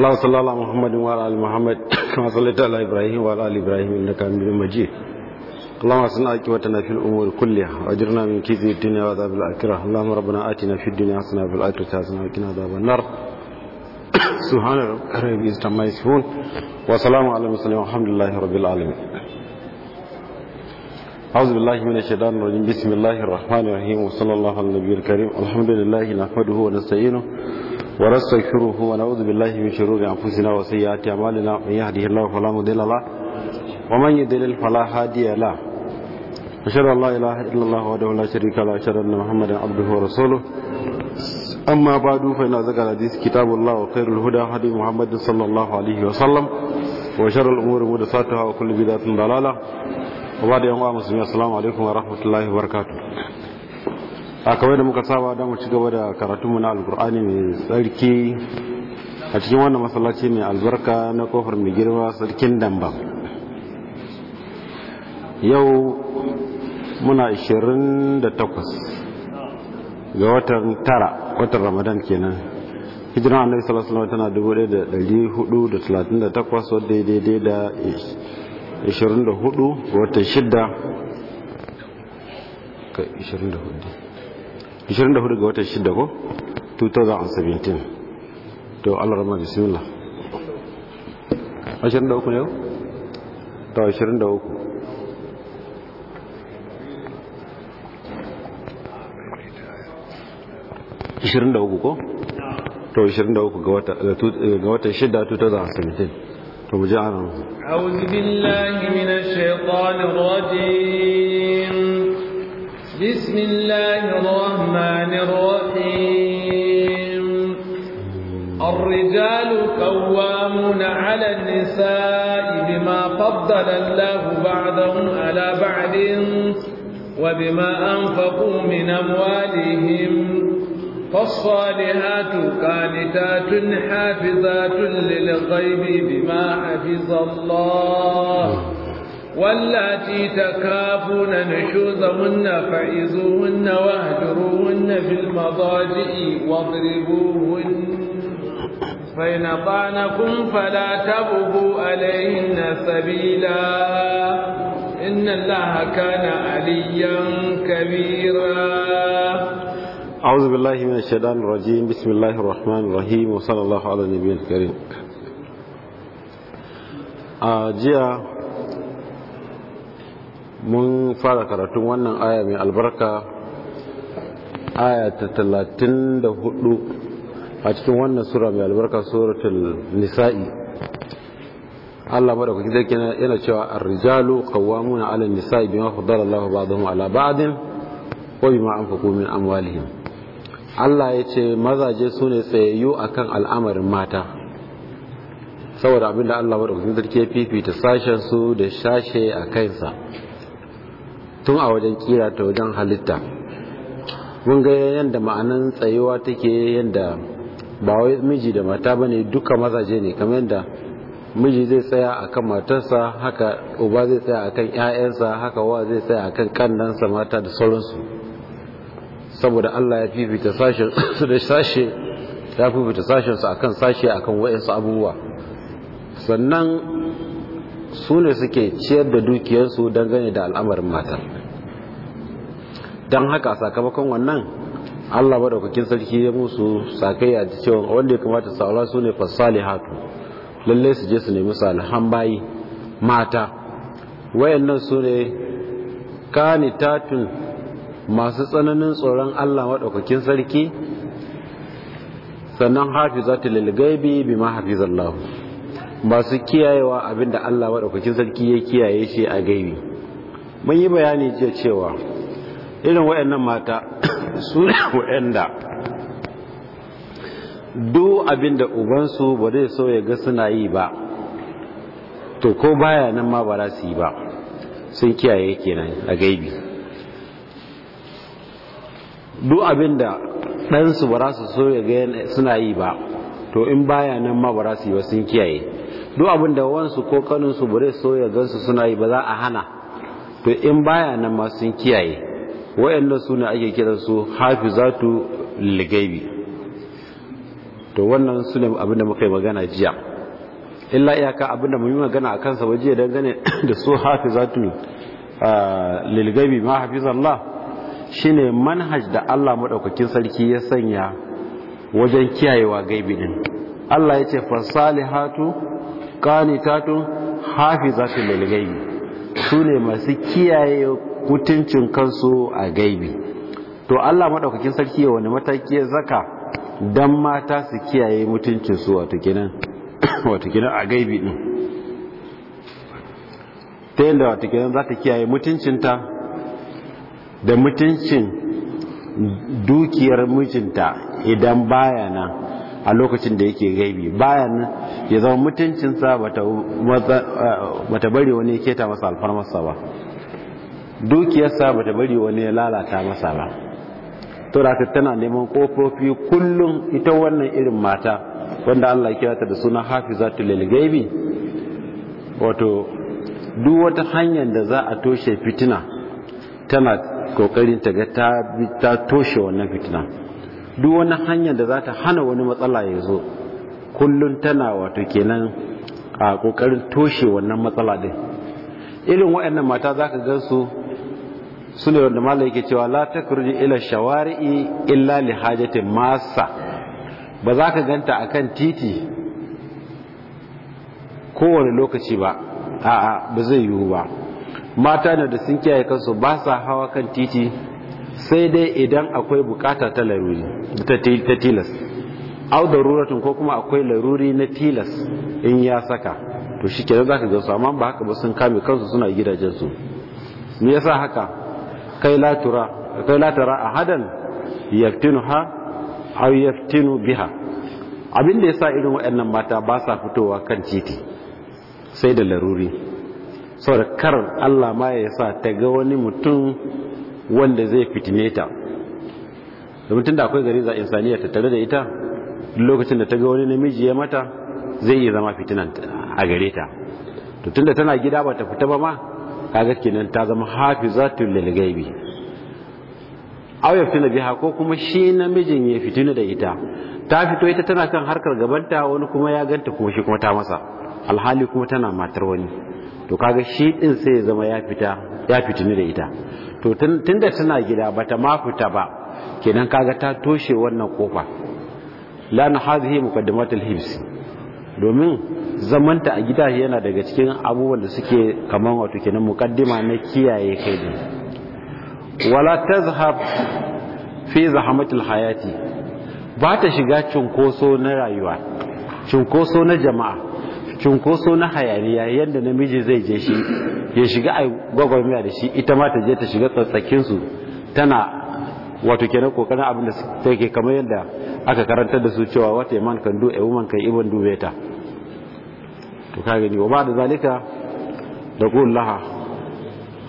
اللهم صل على محمد وعلى ال محمد كما صليت على ابراهيم وعلى ال ابراهيم انك حميد مجيد اللهم اصلح عاقبتنا في الامور كلها واجرنا من كيد الدنيا وعذاب الاخره اللهم ربنا اتنا في الدنيا حسنه وفي الاخره حسنه وقنا عذاب النار سبحان ربك رب العزه عما يصفون وسلام على المرسلين والحمد لله رب العالمين أعوذ بالله من الشيطان الرجيم بسم الله الرحمن الرحيم وصلى الله على النبي الكريم الحمد لله نحمده ونستعينه ونستغفره ونعوذ بالله من شرور أنفسنا وسيئات أعمالنا من يهده الله فلا مضل له ومن يضلل فلا هادي له أشهد أن لا إله إلا الله وحده لا شريك له وأشهد أن محمدا عبده ورسوله أما بعد فإن أذكر الحديث كتاب الله وخير الهدى هدي محمد صلى الله عليه وسلم وشر الأمور محدثاتها وكل بدعة ضلالة وبعد يوم مسلمين السلام عليكم ورحمة الله وبركاته a kawai da muka saba don mu ci gaba da karatunmu na alkur'ani mai tsarki a cikin wannan masallaci mai albarka na kofar mai girma tsarkin damba yau muna 28 ga watan tara watan ramadan kenan hijira a nai alaihi wasallam tana 1438 wadda ya daidai da 24 watan 6 24 24 ga watan 6 ko 2017 to Allah rama bismillah 23 ne yau to 23 23 ko? to 23 ga wata eh, eh, ga watan 6 2017 to mu ji anan a'udhu billahi minash shaitanir rajim بسم الله الرحمن الرحيم الرجال قوامون على النساء بما فضل الله بعضهم على بعض وبما أنفقوا من أموالهم فالصالحات قانتات حافظات للغيب بما حفظ الله واللاتي تكافون نشوزهن فعزوهن واهجروهن في المضاجع واضربوهن فإن طعنكم فلا تبغوا عليهن سبيلا إن الله كان عليا كبيرا أعوذ بالله من الشيطان الرجيم بسم الله الرحمن الرحيم وصلى الله على النبي الكريم آه mun fara karatun wannan aya mai albarka aya ta talatin da hudu a cikin wannan sura mai albarka suratul nisa'i Allah madaukakin zai kina yana cewa ar-rijalu qawwamuna 'ala an-nisa'i bima faddala Allahu ba'dahum 'ala ba'din wa bima anfaqu min amwalihim Allah ya ce mazaje su ne tsayayyu akan al'amarin mata saboda abinda Allah bada sarki ya fifita sashen su da sashe a kansa tun a wajen kira ta wajen halitta mun ga yadda ma'anan tsayuwa take yadda ba wai miji da mata bane duka mazaje ne kamar yadda miji zai tsaya akan matarsa haka uba zai tsaya akan ƴaƴansa haka wa zai tsaya akan kannansa mata da sauransu saboda Allah ya fifita sashen su da sashe ya fifita sashen su akan sashe akan wayansu abubuwa sannan su ne suke ciyar da dukiyarsu dangane da al'amarin matar don haka sakamakon wannan allah madaukakin sarki ya musu sakayya da cewa wanda ya kamata saura su ne fasali hatu lallai su je su nemi salihan bayi mata wayannan su ne tatun masu tsananin tsoron allah madaukakin sarki sannan hafi za ta lalgaibi bi ma hafi zallahu masu kiyayewa abinda Allah maɗaukakin sarki ya kiyaye shi a gaibi mun yi bayani jiya cewa irin nan mata su ne da duk abinda ubansu ba zai so ya ga suna yi ba to ko baya nan ma ba za su yi ba sun kiyaye kenan a gaibi duk abinda ɗansu ba za su so ya ga suna yi ba to in baya nan ma ba za su yi ba sun kiyaye duk abin da wansu ko kanunsu bare so ya gansu suna yi ba za a hana to in baya nan ma sun kiyaye wayannan su ne ake kiran su hafizatu ligaibi to wannan su ne abin da muka yi magana jiya illa iyaka abin da mu yi magana a kansa ba jiya dangane da su hafizatu lilgaibi ma hafizallah shine manhaj da Allah maɗaukakin sarki ya sanya wajen kiyayewa gaibi din Allah ya ce fasalihatu qanitatun hafizatul lil su sune masu kiyaye mutuncin kansu a gaibi to Allah maɗaukakin sarki wani mataki ya zaka dan mata su kiyaye mutuncin su wato kenan a gaibi din ta yadda wato kenan za ta kiyaye mutuncinta da mutuncin dukiyar mijinta idan baya nan a lokacin da yake gaibi bayan ya zama mutuncinsa bata bari wani ya keta masa alfarmarsa ba dukiyarsa bata bari wani ya lalata masa ba to da tana neman kofofi kullum ita wannan irin mata wanda Allah ya ta da suna Hafi hafizatul lil gaibi wato duk wata hanyar da za a toshe fitina tana kokarin ta ga ta toshe wannan fitina duk wani hanyar da za ta hana wani matsala ya zo kullum tana wato kenan a kokarin toshe wannan matsala ɗin. irin waɗannan mata za ka gan su su ne wanda mala yake cewa la takruji ila shawari'i illa li hajatin masa ba za ka ganta a kan titi kowane lokaci ba a'a ba zai yiwu ba mata ne da sun kiyaye kansu ba sa hawa kan titi sai dai idan akwai bukata ta laruri ta tilas au da ruratun ko kuma akwai laruri na tilas in ya saka to shi kenan za ka ga su amma ba haka ba sun kame kansu suna gidajensu me yasa haka kai latura kai latara ahadan ha, aw yaftinu biha abin da yasa irin waɗannan mata ba sa fitowa kan titi sai da laruri saboda kar Allah ma ya sa ta ga wani mutum wanda zai fitine ta domin tunda akwai gariza insaniya tattare da ita lokacin da ta ga wani namiji ya mata zai yi zama fitinan a gare ta to tunda tana gida ba ta fita ba ma kaga kenan ta zama hafizatul lil ghaibi aw fitina biha ko kuma shi namijin ya fitina da ita ta fito ita tana kan harkar gabanta wani kuma ya ganta kuma shi kuma ta masa alhali kuma tana matar wani to kaga shi din sai ya zama ya fita ya fitina da ita to tun tunda tana gida bata ma fita ba kenan kaga ta toshe wannan kofa la na hadhihi muqaddimatul hibs domin zamanta a gida yana daga cikin abubuwan da suke kaman wato kenan muqaddima na kiyaye kai din wala tazhab fi zahmatil hayati ba ta shiga cunkoso na rayuwa cunkoso na jama'a cunkoso na hayaniya yadda namiji zai je shi ya shiga a gwagwarmiya da shi ita ma ta je ta shiga tsatsakinsu tana wato na kokarin abin da take kamar yadda aka karantar da su cewa wata yaman kan do a woman kan ibn do ta. to ka gani wa ba da zalika da qul laha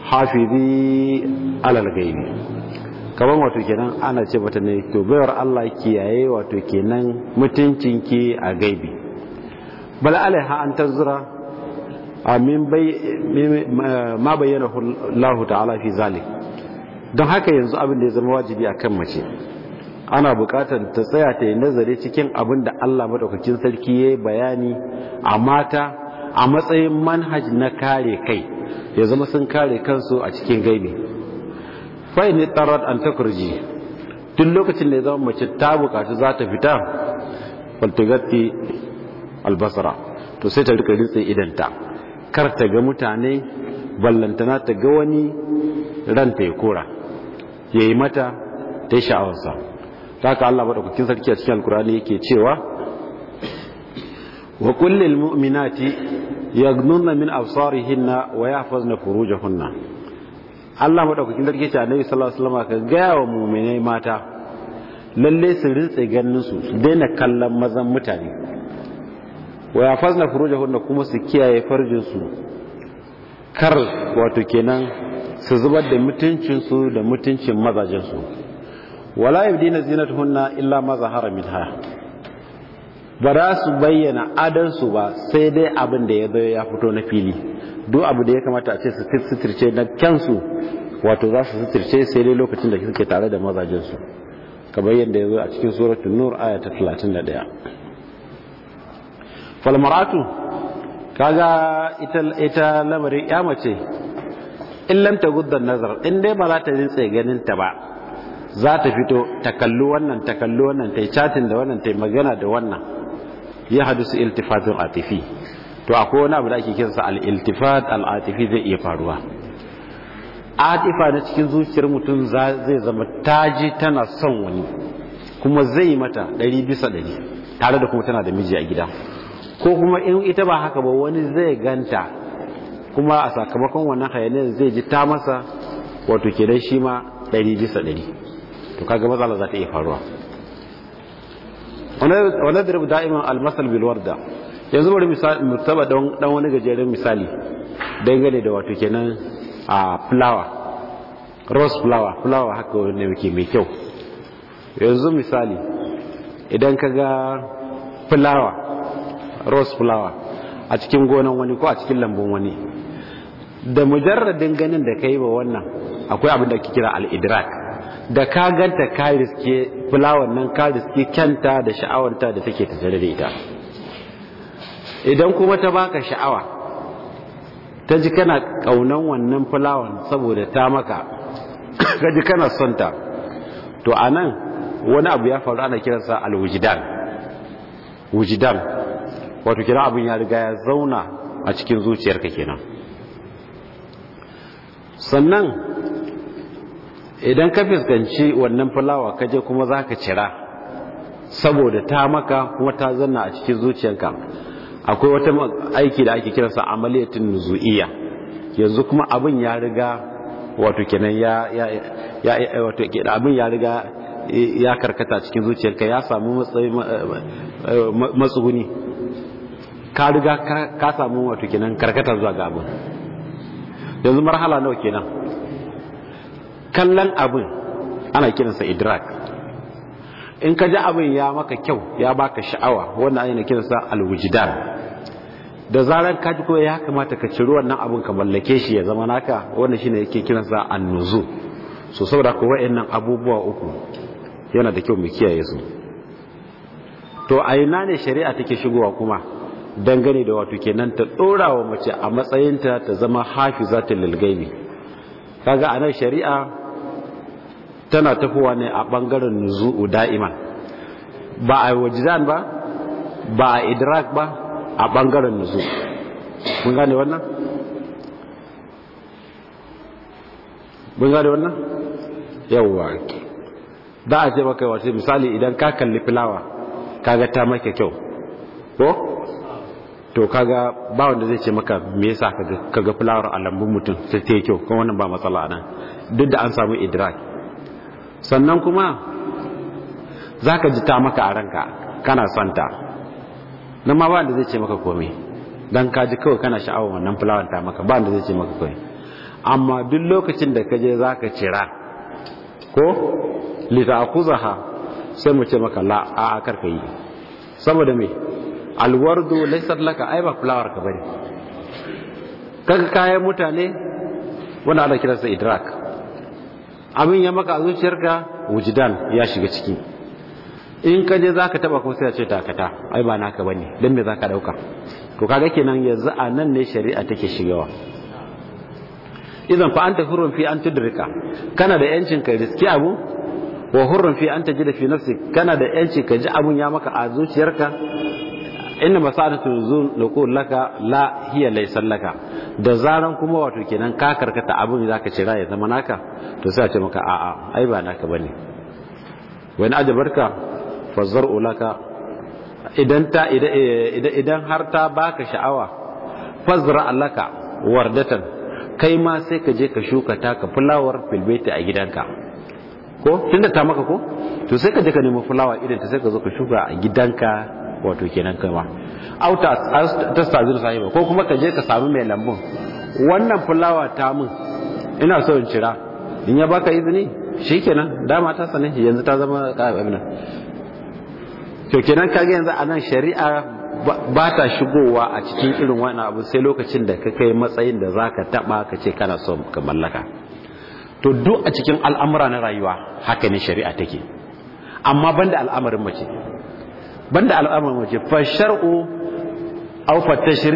hafizi alal gaini kaman wato kenan ana ce bata ne to bayar Allah kiyaye wato kenan mutuncinki a gaibi bala alaiha an tazura amin ma bayyana Allah ta'ala fi zalik don haka yanzu abin da ya zama wajibi akan mace ana bukatar ta tsaya ta yi nazari cikin abin da Allah madaukakin sarki ya bayani a mata a matsayin manhaj na kare kai ya zama sun kare kansu a cikin gaibi fai ne tarat an takurji duk lokacin da ya zama mace ta bukatu za ta fita faltugatti albasara to sai ta rika ritse idanta kar ta ga mutane ballantana ta ga wani ranta ya kora ya yi mata ta yi sha'awarsa ta haka allah kukin sarki a cikin alkurani yake cewa wa kullil mu'minati nuna min absarihinna wa yahfazna furujahunna Allah kukin sarki ce nabi sallallahu alaihi wasallam ka gaya wa mu'minai mata lalle su rintse ganin su su daina kallon mazan mutane wa yafazna furujahunna kuma su kiyaye farjinsu kar wato kenan su zubar da mutuncinsu da mutuncin mazajensu wala yabdina hunna illa ma zahara minha ba su bayyana su ba sai dai abin da ya zo ya fito na fili duk abu da ya kamata a ce su sitirce na kyansu wato za su sitirce sai dai lokacin da suke tare da mazajensu bayyana yadda ya zo a cikin suratul nur talatin 31 falmaratu kaga ita lamarin ya mace illanta lam nazar in dai ba za ta rintse ganin ta ba za ta fito ta kalli wannan ta kalli wannan ta chatin da wannan ta yi magana da wannan ya hadusu iltifatun atifi to akwai wani abu da ake kinsa al-iltifat zai iya faruwa atifa na cikin zuciyar mutum zai zama taji tana son wani kuma zai mata ɗari bisa ɗari tare da kuma tana da miji a gida ko kuma in ita ba haka ba wani zai ganta kuma a sakamakon wannan hayaniyar zai ji ta masa wato kenan shi ma ɗari bisa ɗari to kaga matsala za ta iya faruwa wannan da da'iman almasal da yanzu bari mu don dan wani gajeren misali dangane da wato kenan a fulawa rose flower flower haka wanda muke mai kyau yanzu misali idan ka ga flower rose flower a cikin gonan wani ko a cikin lambun wani da mujarradin ganin da ka yi wa wannan akwai abin da ake kira al'idrak da ka ganta ka riske flower nan ka riske kyanta da sha'awarta da take tattare da ita idan kuma ta baka sha'awa ta ji kana kaunan wannan flower saboda ta maka ka ji kana son ta to a nan wani abu ya faru ana kiransa alwujidan wujidan wato kira abin ya riga ya zauna a cikin zuciyarka kenan sannan idan ka fiskanci wannan fulawa ka je kuma zaka cira saboda ta maka kuma ta zanna a cikin zuciyarka akwai wata aiki da ake kiransa amaliyatin nuzu'iyya yanzu kuma abin ya riga wato kenan ya ya wato abin ya riga ya karkata cikin zuciyarka ya samu matsuguni ka riga ka samu wato kenan karkatar zuwa ga abin yanzu marhala nawa kenan kallon abin ana kiransa idrak in ka ji abin ya maka kyau ya baka sha'awa wannan ana kiransa alwujdan da zarar ka ji ko ya kamata ka ciro wannan abin ka mallake shi ya zama naka wannan shine yake kiransa annuzu so saboda ko wayannan abubuwa uku yana da kyau mu kiyaye su to a ina ne shari'a take shigowa kuma dangane da wato kenan ta dora wa mace a matsayinta ta zama hafizatul lil gaibi kaga anan shari'a tana tafowa ne a bangaren nuzu'u da'iman ba a zan ba ba a idrak ba a bangaren nuzu'u. mun gane wannan mun gane wannan yawwa da a ce maka wace misali idan ka kalli filawa kaga ta maka kyau ko to kaga ba wanda zai ce maka me yasa kaga fulawar a lambun mutum ta ta kyau kuma wannan ba matsala nan duk da an samu idrak sannan kuma zaka ji ta maka a ranka kana santa nan ma ba wanda zai ce maka komai dan ka ji kawai kana sha'awar wannan fulawar ta maka ba wanda zai ce maka komai amma duk lokacin da ka je zaka cira ko lita kuzaha sai mu ce maka la a karka yi saboda me alwardu laysat laka ai ba fulawar ka bane kaga kayan mutane wanda ana kiransa idrak abin ya maka a zuciyarka wujidan ya shiga ciki in ka je zaka taba kuma sai ya ce takata ai ba naka bane dan me zaka dauka to kaga kenan yanzu a nan ne shari'a take shigawa idan fa anta hurrun fi an tudrika kana da yancin ka riski abu wa hurrun fi an tajida fi nafsi kana da yanci ka ji abun ya maka a zuciyarka inna zun nuqul laka la hiya laysan laka da zaran kuma wato kenan ka karkata abin zaka ce ya zama naka to sai a ce maka a'a ai ba naka bane wani ajabarka fazar'u laka idan ta eh, idan har ta baka sha'awa fazra laka wardatan kai ma sai ka je ka shuka ta ka fulawar filbeti a gidanka ko tunda ta maka ko to sai ka je ka nemi fulawa idan ta sai ka zo ka shuka a gidanka wato kenan kama Auta ta sazir sahiba ko kuma ka je ka samu mai lambun wannan fulawa ta mun ina so in cira in ya baka izini shikenan dama ta sane yanzu ta zama abin to kenan ka ga yanzu a nan shari'a ba ta shigowa a cikin irin wani abu sai lokacin da ka kai matsayin da za ka taba ka ce kana so ka mallaka to duk a cikin al'amura na rayuwa haka ne shari'a take amma banda al'amarin mace banda al'amarin waje fa shar'u aw ya ta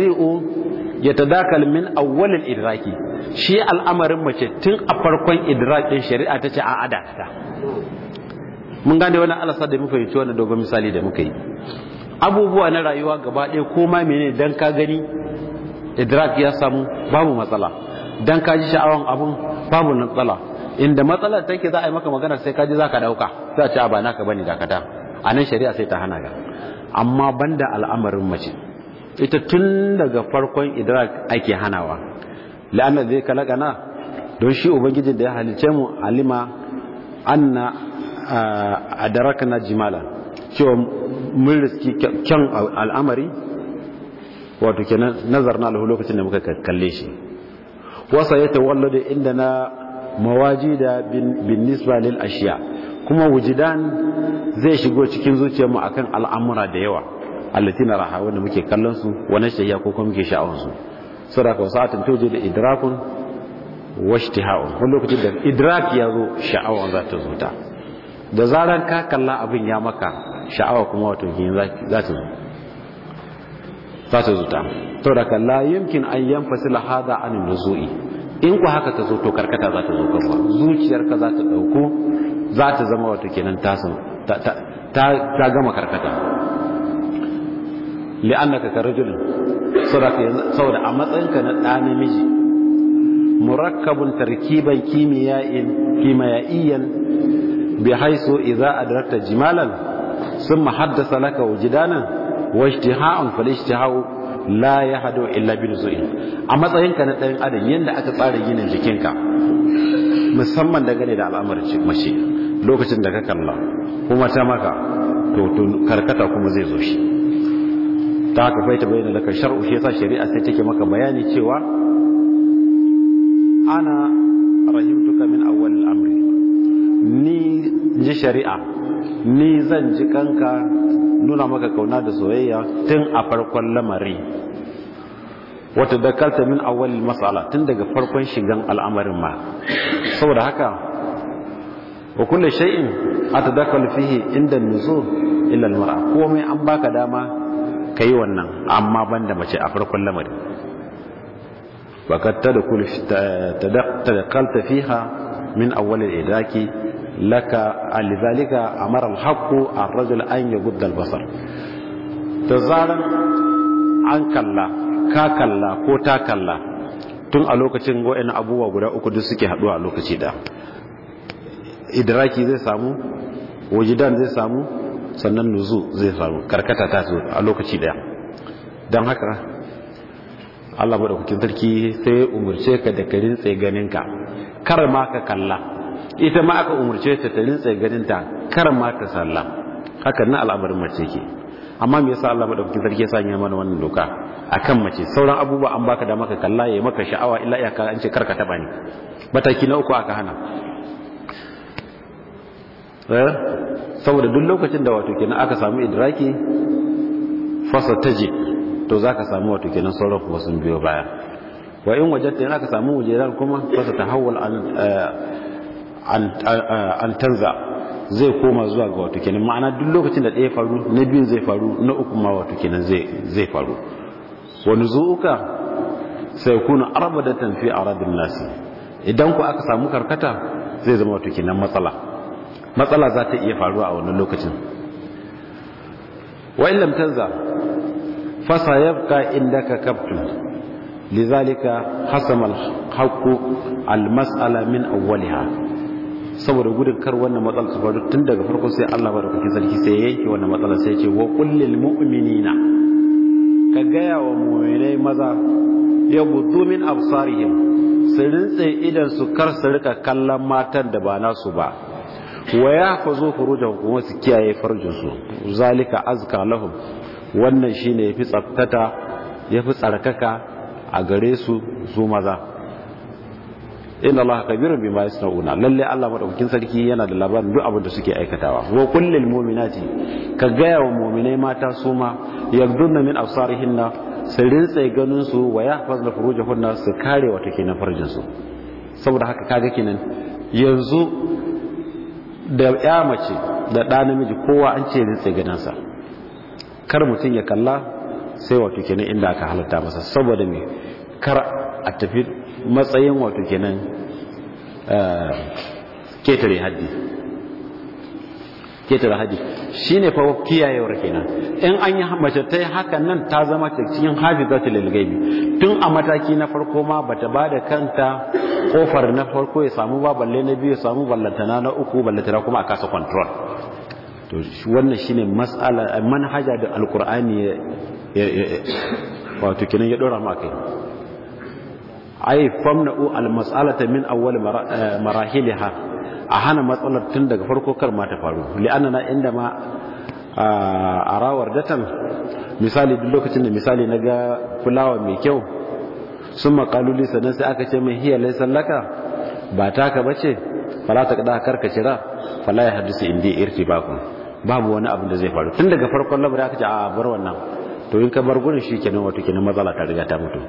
yatadakal min awwal idraki shi al'amarin mace tun a farkon idrakin shari'a tace a adata mun gane wannan alasa da mu fahimci wannan dogon misali da muka yi abubuwa na rayuwa gaba ɗaya ko ma menene dan ka gani idrak ya samu babu matsala dan ka ji sha'awan abun babu matsala inda matsalar take za a yi maka magana sai ka ji za ka ɗauka za a ce ba naka bane dakata a nan shari'a sai ta hana ga amma banda al'amarin mace ita tun daga farkon idrak ake hanawa la'anna zai kalakana don shi ubangiji da ya halice mu alima anna na jimala cewa mun riski kyan al'amari wato kenan na lahu lokacin da muka kalle shi wasa ya tawallada inda na mawajida bin nisba lil ashiya kuma wujidan zai shigo cikin zuciyarmu akan al'amura da yawa allatina raha wanda muke kallon su wani shayya ko kuma muke sha'awar su saboda ka sa'atin toje da idrakun washtiha'un wani lokacin da idrak ya zo sha'awa za ta zo ta da zaran ka kalla abin ya maka sha'awa kuma wato kin za ta zo za ta zo ta saboda ka la yumkin ayyan fasila hada an nuzu'i in ku haka ta zo to karkata za ta zo kanwa zuciyarka za ta dauko za ta zama wata kenan ta ta gama karkata li'annaka ka rajulun saboda a matsayinka na ɗa namiji murakkabun tarkiban kimiyain kimiyaiyan bi haisu idza adrakta jimalan thumma haddasa laka wujdanan wa ijtiha'un la ya hado illa bil zuin a matsayinka na ɗan adam yanda aka tsara ginin jikinka musamman dangane da al'amarin mace lokacin da ka kalla kuma ta maka to karkata kuma zai zo shi ta ka ta bayyana laka shar'u shi yasa shari'a sai take maka bayani cewa ana rahimtuka min awwal amri ni ji shari'a ni zan ji kanka nuna maka kauna da soyayya tun a farkon lamari wata dakarta min awalin matsala tun daga farkon shigan al'amarin ma saboda haka wa kulle ta atadakkalu fihe inda nuzul illa mara komai an baka dama kai wannan amma da mace a farkon lamari faqad ta tadakkalta fiha min awwal idaki laka alizalika amara alhaqu ar-rajul an yagudda al-basar da zaran an kalla ka kalla ko ta kalla tun a lokacin wa'in abubuwa guda uku duk suke haduwa a lokaci da idraki zai samu wajidan zai samu sannan nuzu zai samu karkata ta zo a lokaci daya don haka Allah madaukakin sarki sai umarce ka da ka rintse ganinka kar ma ka kalla ita ma aka umarce ta ta rintsa ganin ta kar ma ta sallah hakan na al'amarin mace ke amma me yasa Allah madaukakin sarki ya sanya mana wannan doka akan mace sauran abubuwa an baka da maka kalla yayi maka sha'awa illa iyaka an ce karka taba ni mataki na uku aka hana eh saboda duk lokacin da wato kenan aka samu idraki fasa taji to zaka samu wato kenan sauran kuma sun biyo baya wa in wajatta in aka samu wujeran kuma fasa tahawwal an tanza zai koma zuwa ga wato kenan ma'ana duk lokacin da ɗaya faru na biyun zai faru na uku ma wato kenan zai faru wani zuuka sai kuna arba da tamfi a radin nasi idan ku aka samu karkata zai zama wato kenan matsala matsala za ta iya faruwa a wannan lokacin wa illam tanza fa sayabqa indaka kaftu lizalika hasamal الحق almasala min awwaliha saboda gudun kar wannan matsala su faru tun daga farko sai Allah madaukakin sarki sai yake wannan matsala sai ce wa kullil mu'minina ka gaya wa mu'minai maza ya gudu min absarihim su rintse idan su kar su rika kallon matan da ba nasu ba wa ya yahfazu furujahum kuma su kiyaye farjinsu zalika azka lahum wannan shine yafi tsaftata yafi tsarkaka a gare su su maza inna allaha kabirun bima yasnauna lalle Allah madaukakin sarki yana da labarin duk abin da suke aikatawa wa kullil mu'minati ka gaya wa mu'minai mata su ma yaghdunna min absarihinna su rintse ganin su wa yahfazna furujahunna su kare wata kenan farjin su saboda haka kaga kenan yanzu da ya mace da ɗa namiji kowa an ce ganin sa kar mutum ya kalla sai wato kenan inda aka halatta masa saboda me kar a tafi matsayin wato kenan eh, ketare haddi ketare haddi shine fa kiyayewar kenan in an yi mace ta yi hakan nan ta zama cikin hafizatu lil ghaibi tun a mataki na farko ma bata da kanta kofar na farko ya samu ba balle na biyu ya samu ballantana na uku ballantana kuma a kasa control to wannan shine mas'ala manhaja da alqur'ani wato kenan ya dora maka ai famna'u al-mas'alata min awwal eh, marahiliha a hana matsalar tun daga farko kar ma ta faru na inda ma ah, arawar datan misali duk lokacin da misali na ga fulawa mai kyau sun makaluli sannan sai aka ce mai hiya laisan laka ba taka ba fala ta kada karka cira fala ya hadisi indi irti baku babu wani abu da zai faru tun daga farkon labari aka ce a bar wannan to in ka bar gurin shi kenan wato kenan matsala ta riga ta mutu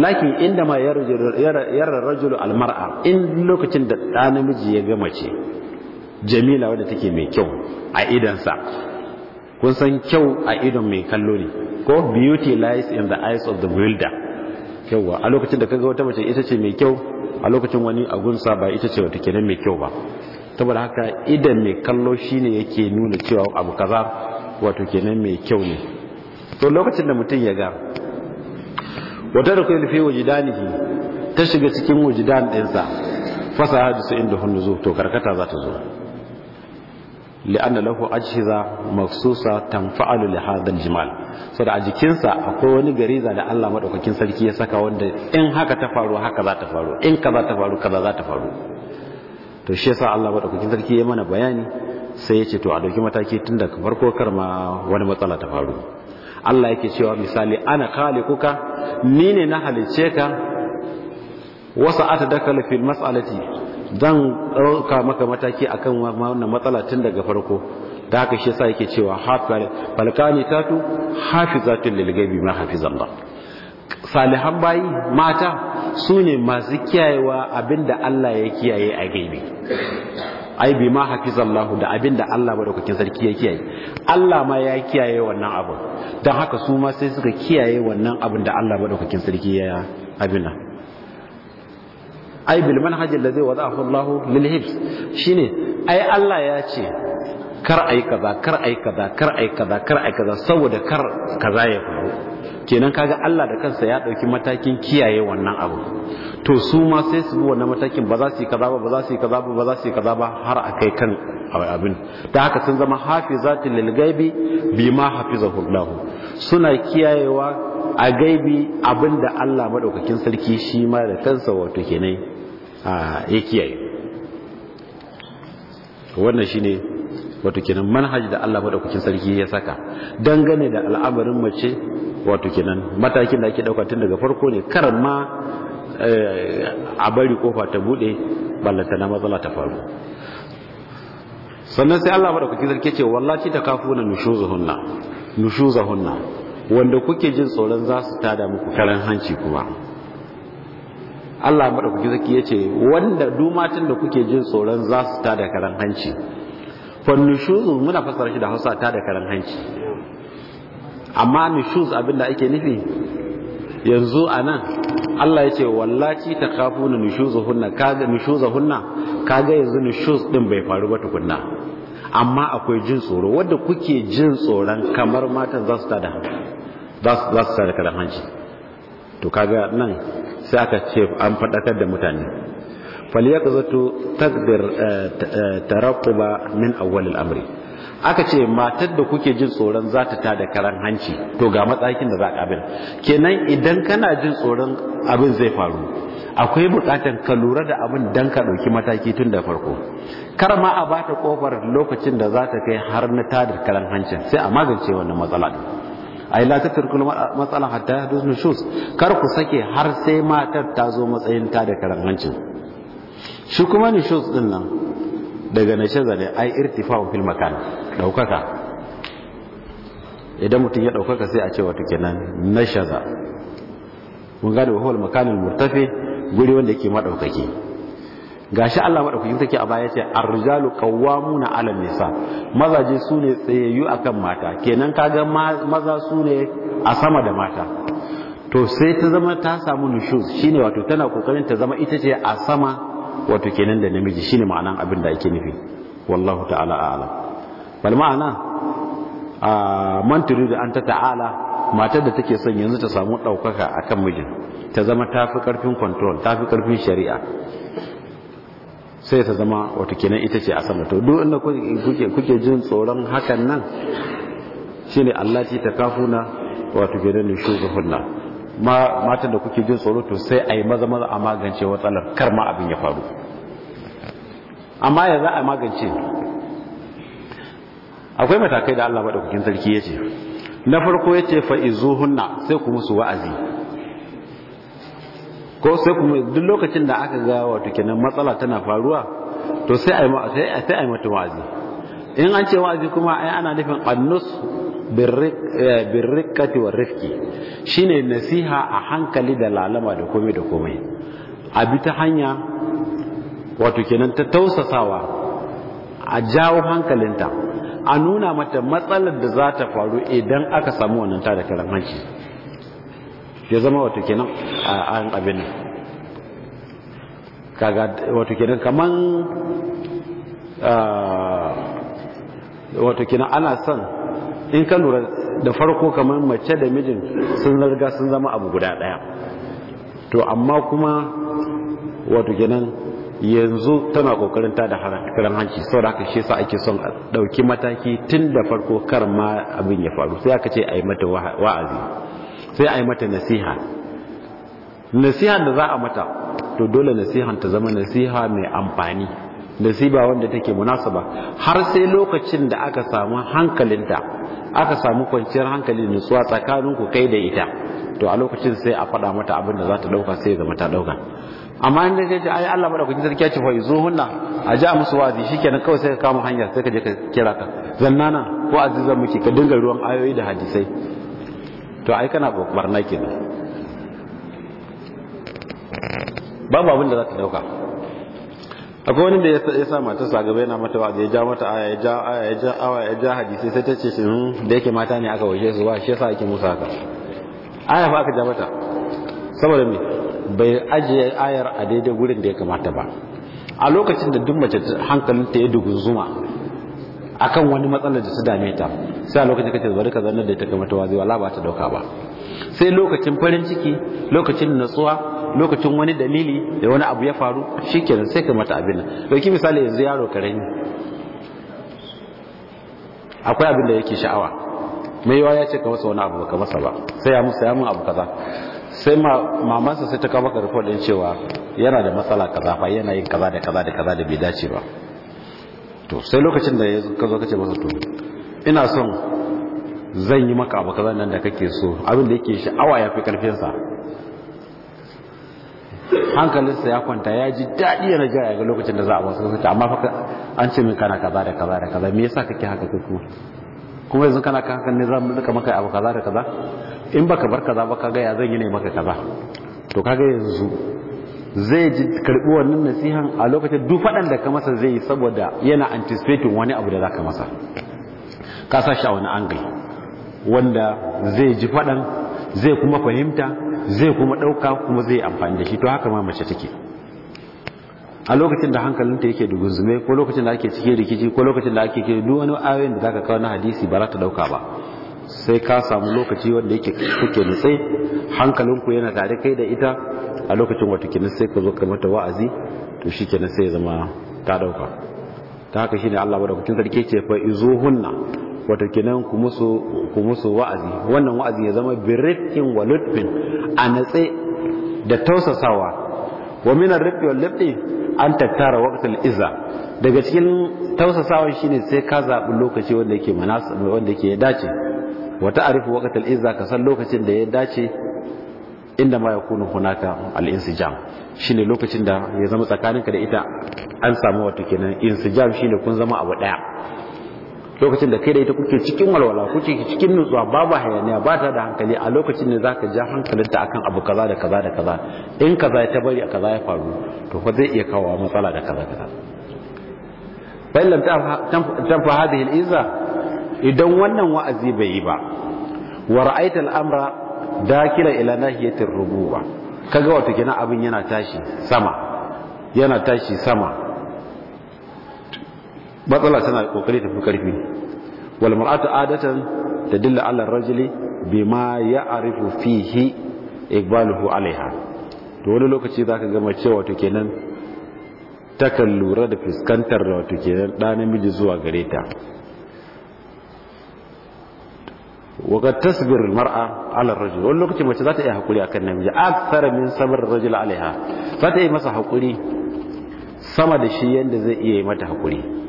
lakin inda ma yarra al almar'a in lokacin da ɗa namiji ya ga mace jamila wadda take mai kyau a sa kun san kyau a idon mai kallo ne ko beauty lies in the eyes of the beholder kyauwa a lokacin da kaga wata mace ita ce mai kyau a lokacin wani a gunsa ba ita ce wata kenan mai kyau ba saboda haka idan mai kallo shine yake nuna cewa abu kaza wato kenan mai kyau ne to lokacin da mutum ya ga wata da kuma fi wajidanihi ta shiga cikin wajidan ɗinsa fasa hadisu inda hannu zo to karkata za ta zo li'anna lahu ajhiza maksusa tanfa'alu li hadha jimal saboda a jikinsa akwai wani gariza da Allah madaukakin sarki ya saka wanda in haka ta faru haka za ta faru in kaza ta faru kaza za ta faru to shi yasa Allah madaukakin sarki ya mana bayani sai ya ce to a dauki mataki tun daga farko kar ma wani matsala ta faru Allah yake cewa misali ana kuka ni ne na halice ka wasa atadakal fil mas'alati zan ɗauka maka mataki akan wannan matsala tun daga farko da haka shi yasa yake cewa falkani tatu hafizatun lil ma hafizallah salihan bayi mata su ne masu kiyayewa abinda Allah ya kiyaye a gaibi ai bi ma hafizallahu da abin da Allah madaukakin sarki ya kiyaye Allah ma ya kiyaye wannan abu, don haka su ma sai suka kiyaye wannan abin da Allah madaukakin sarki ya abin nan ai bil manhaj allazi wada'ahu Allah lil hifz shine ai Allah ya ce kar ai kaza kar ai kaza kar ai kaza kar ai kaza saboda kar kaza ya faru kenan kaga Allah da kansa ya ɗauki matakin kiyaye wannan abu to su ma sai su bi wannan matakin ba za su yi kaza ba ba za su yi kaza ba ba za su yi kaza ba har a kai kan abin ta haka sun zama hafizatul lil gaibi bima Allah suna kiyayewa a gaibi abinda Allah madaukakin sarki shi ma da kansa wato kenan ya kiyaye wannan shine wato kenan manhaj da Allah madaukakin sarki ya saka dangane da al'amarin mace wato kenan matakin da ake dauka tun daga farko ne karan ma eh, a bari kofa ta bude ballanta na matsala ta faru sannan sai Allah madaukakin sarki ce wallahi ta kafuna nushuzuhunna nushuzahunna wanda kuke jin tsoron za su tada muku karan hanci kuma Allah madaukakin sarki ce wanda dumatan da kuke jin tsoron za su tada karan hanci fannushuzu muna fasar shi da hausa ta da karan hanci amma nushuz abinda ake nufi yanzu a nan Allah ya ce wallaci ta kafu na hunna kaga kaga yanzu nushuz din bai faru ba tukunna amma akwai jin tsoro wadda kuke jin tsoron kamar matan za su ta za su karan hanci to kaga nan sai aka ce an faɗakar da mutane falyaqzatu takbir tarattuba min awwal al-amr aka ce matar da kuke jin tsoron za ta tada karan hanci to ga matsakin da za ka bin kenan idan kana jin tsoron abin zai faru akwai bukatar ka lura da abin dan ka dauki mataki tun da farko kar ma a bata kofar lokacin da za ta kai har na tada karan hanci sai a magance wannan matsala din ai la tatrukul matsala hatta yahdusu shus kar ku sake har sai matar ta zo matsayin tada karan hanci. shi kuma nishus din nan daga nashaza ne ai irtifa'u fil makan daukaka idan mutum ya daukaka sai a ce wato kenan nashaza mun gane wa huwal makanul murtafi guri wanda yake Ga gashi Allah madaukakin take a baya ce a rijalu qawwamuna 'ala nisa mazaje su ne tsayayyu akan mata kenan kaga maza su ne a sama da mata to sai ta zama ta samu nushuz shine wato tana kokarin ta zama ita ce a sama wato kenan da namiji shine ma'anan abin da ake nufi wallahu ta'ala a'lam bal ma'ana a man turidu an ta ta'ala matar da take son yanzu ta samu daukaka akan mijin ta zama tafi karfin control tafi karfin shari'a sai ta zama wato kenan ita ce a sama to duk inda kuke kuke jin tsoron hakan nan shine Allah ce ta kafuna wato kenan ne matan da kuke jin tsoro to sai a yi maza maza a magance matsalar kar ma abin ya faru amma ya za a magance akwai matakai da Allah maɗaukakin sarki ya ce na farko ya ce fa'izuhunna sai ku musu wa'azi ko sai kuma duk lokacin da aka ga wato kenan matsala tana faruwa to sai a yi mata wa'azi in an ce wa'azi kuma ai ana nufin annus birrikati eh, wa rifki shine nasiha a hankali da lalama da komai da komai a bi ta hanya wato kenan ta tausasawa a jawo hankalinta a nuna mata matsalar da za ta faru idan aka samu wannan ta da karan hanci ya zama wato kenan a abin nan kaga wato kenan kaman ah, wato kenan ana son in ka lura da farko kamar mace da mijin sun larga sun zama abu guda ɗaya to amma kuma wato kenan yanzu tana kokarin ta da karan hanci sau da aka shi sa ake son ɗauki mataki tun da farko kar ma abin ya faru sai aka ce a yi mata wa'azi sai a yi mata nasiha nasiha da za a mata to dole nasihan ta zama nasiha mai amfani da siba wanda take munasaba har sai lokacin da aka samu hankalinta aka samu kwanciyar hankali nutsuwa tsakanin ku kai da ita to a lokacin sai a faɗa mata abin da za ta ɗauka sai zama ta ɗauka amma in da ce ai Allah madaukakin sarki ya ce fa hunna a ja musu wazi shikenan kawai sai ka kama hanya sai ka je ka kira ka zannana ko azizan muke ka dinga ruwan ayoyi da hadisai to ai kana barna kenan babu abin da za ta ɗauka akwai wani da ya sa matarsa gaba yana mata wa'azi ya ja mata aya ya ja aya ya ja awa ya ja hadisi sai ta ce shi hmm, da yake mata ne aka waje su ba shi yasa ake musa haka aya fa aka ja mata saboda me bai ajiye ayar a daidai gurin da ya kamata ba a lokacin da duk mace ta ya a akan wani matsalar da su dame ta sai a lokacin kace bari ka zanna da ta kamata wazi wala ba ta dauka ba sai lokacin farin ciki lokacin natsuwa lokacin wani dalili da wani abu ya faru shi kenan sai ka mata abin nan dauki misali yanzu yaro karami akwai abin da yake sha'awa mai yawa ya ce ka masa wani abu baka masa ba sai ya musa ya mun abu kaza sai mamansa sai ta kawo maka report din cewa yana da matsala kaza fa yana yin kaza da kaza da kaza da bai dace ba to sai lokacin da ka zo kace masa to ina son zan yi maka abu kaza nan da kake so abin da yake sha'awa ya fi karfinsa hankalinsa ya kwanta ya ji daɗi yana jira ya ga lokacin da za a wasu suka amma faka an ce min kana kaza da kaza da kaza me yasa kake haka kuku kuma yanzu kana ka hakan ne za mu duka maka abu kaza da kaza in baka bar kaza ba kaga ya zan yi ne maka kaza to kaga yanzu zai ji karbi wannan nasihan a lokacin duk faɗan da ka masa zai yi saboda yana anticipating wani abu da za ka masa ka sa shi a wani angle wanda zai ji faɗan zai kuma fahimta zai kuma ɗauka kuma zai amfani da shi to haka ma mace take a lokacin da hankalinta yake dugunzume ko lokacin da ake cike rikici ko lokacin da ake kiri duk wani ayoyin da zaka kawo na hadisi ba za ta ɗauka ba sai ka samu lokaci wanda yake kuke nutsai hankalinku yana tare kai da ita a lokacin wata sai ka zo ka mata wa'azi to shi kenan sai zama ta ɗauka ta haka shine Allah kucin sarki ce fa izuhunna Wata kenan ku musu wa'azi wannan wa'azi ya zama birritin wa lutfin a natse da tausasawa wa min rufi wa lutfi an tattara waqtul iza daga cikin tausasawa shine sai ka zabi lokaci wanda yake munasib wanda yake ya dace wa ta'rifu waqtul iza ka san lokacin da ya dace inda ma yakunu hunaka al-insijam shine lokacin da ya zama tsakaninka da ita an samu wata kenan insijam shine kun zama abu daya lokacin da kai da ita kuke cikin walwala kuke cikin nutsuwa babu hayaniya ba ta da hankali a lokacin ne ka ja hankalinta akan abu kaza da kaza da kaza in kaza ta bari a kaza ya faru to fa zai iya kawo matsala da kaza kaza lam ta tanfa hadhihi al-iza idan wannan wa'azi bai yi ba wa ra'aita al-amra dakila ila nahiyati ar-rubuwa kaga wato kenan abin yana tashi sama yana tashi sama matsala tana kokari ta fi karfi wal mar'atu adatan tadilla ala rajuli bima ya'rifu fihi iqbaluhu alaiha to wani lokaci zaka ga mace wato kenan kan lura da fuskantar wato kenan da namiji zuwa gare ta وقد تصبر mar'a ala الرجل wani lokaci mace za ta iya hakuri akan namiji akthar min sabr rajul alaiha za ta yi masa hakuri sama da shi yanda zai iya yi mata hakuri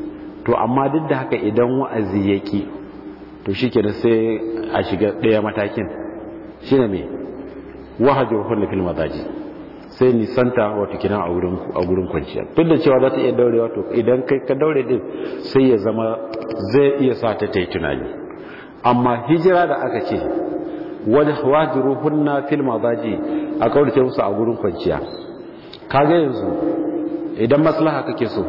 to amma duk da haka idan wa'azi ya ki to shi kenan sai a shiga ɗaya matakin shi ne mai wahajo hulun fil mazaji sai nisanta wata kina a gurin kwanciya duk da cewa za ta iya daurewa to idan kai ka daure din sai ya zama zai iya sa ta ta yi tunani amma hijira da aka ce wajiru hunna fil mazaji a kaurace musu a gurin kwanciya ka ga yanzu idan maslaha kake so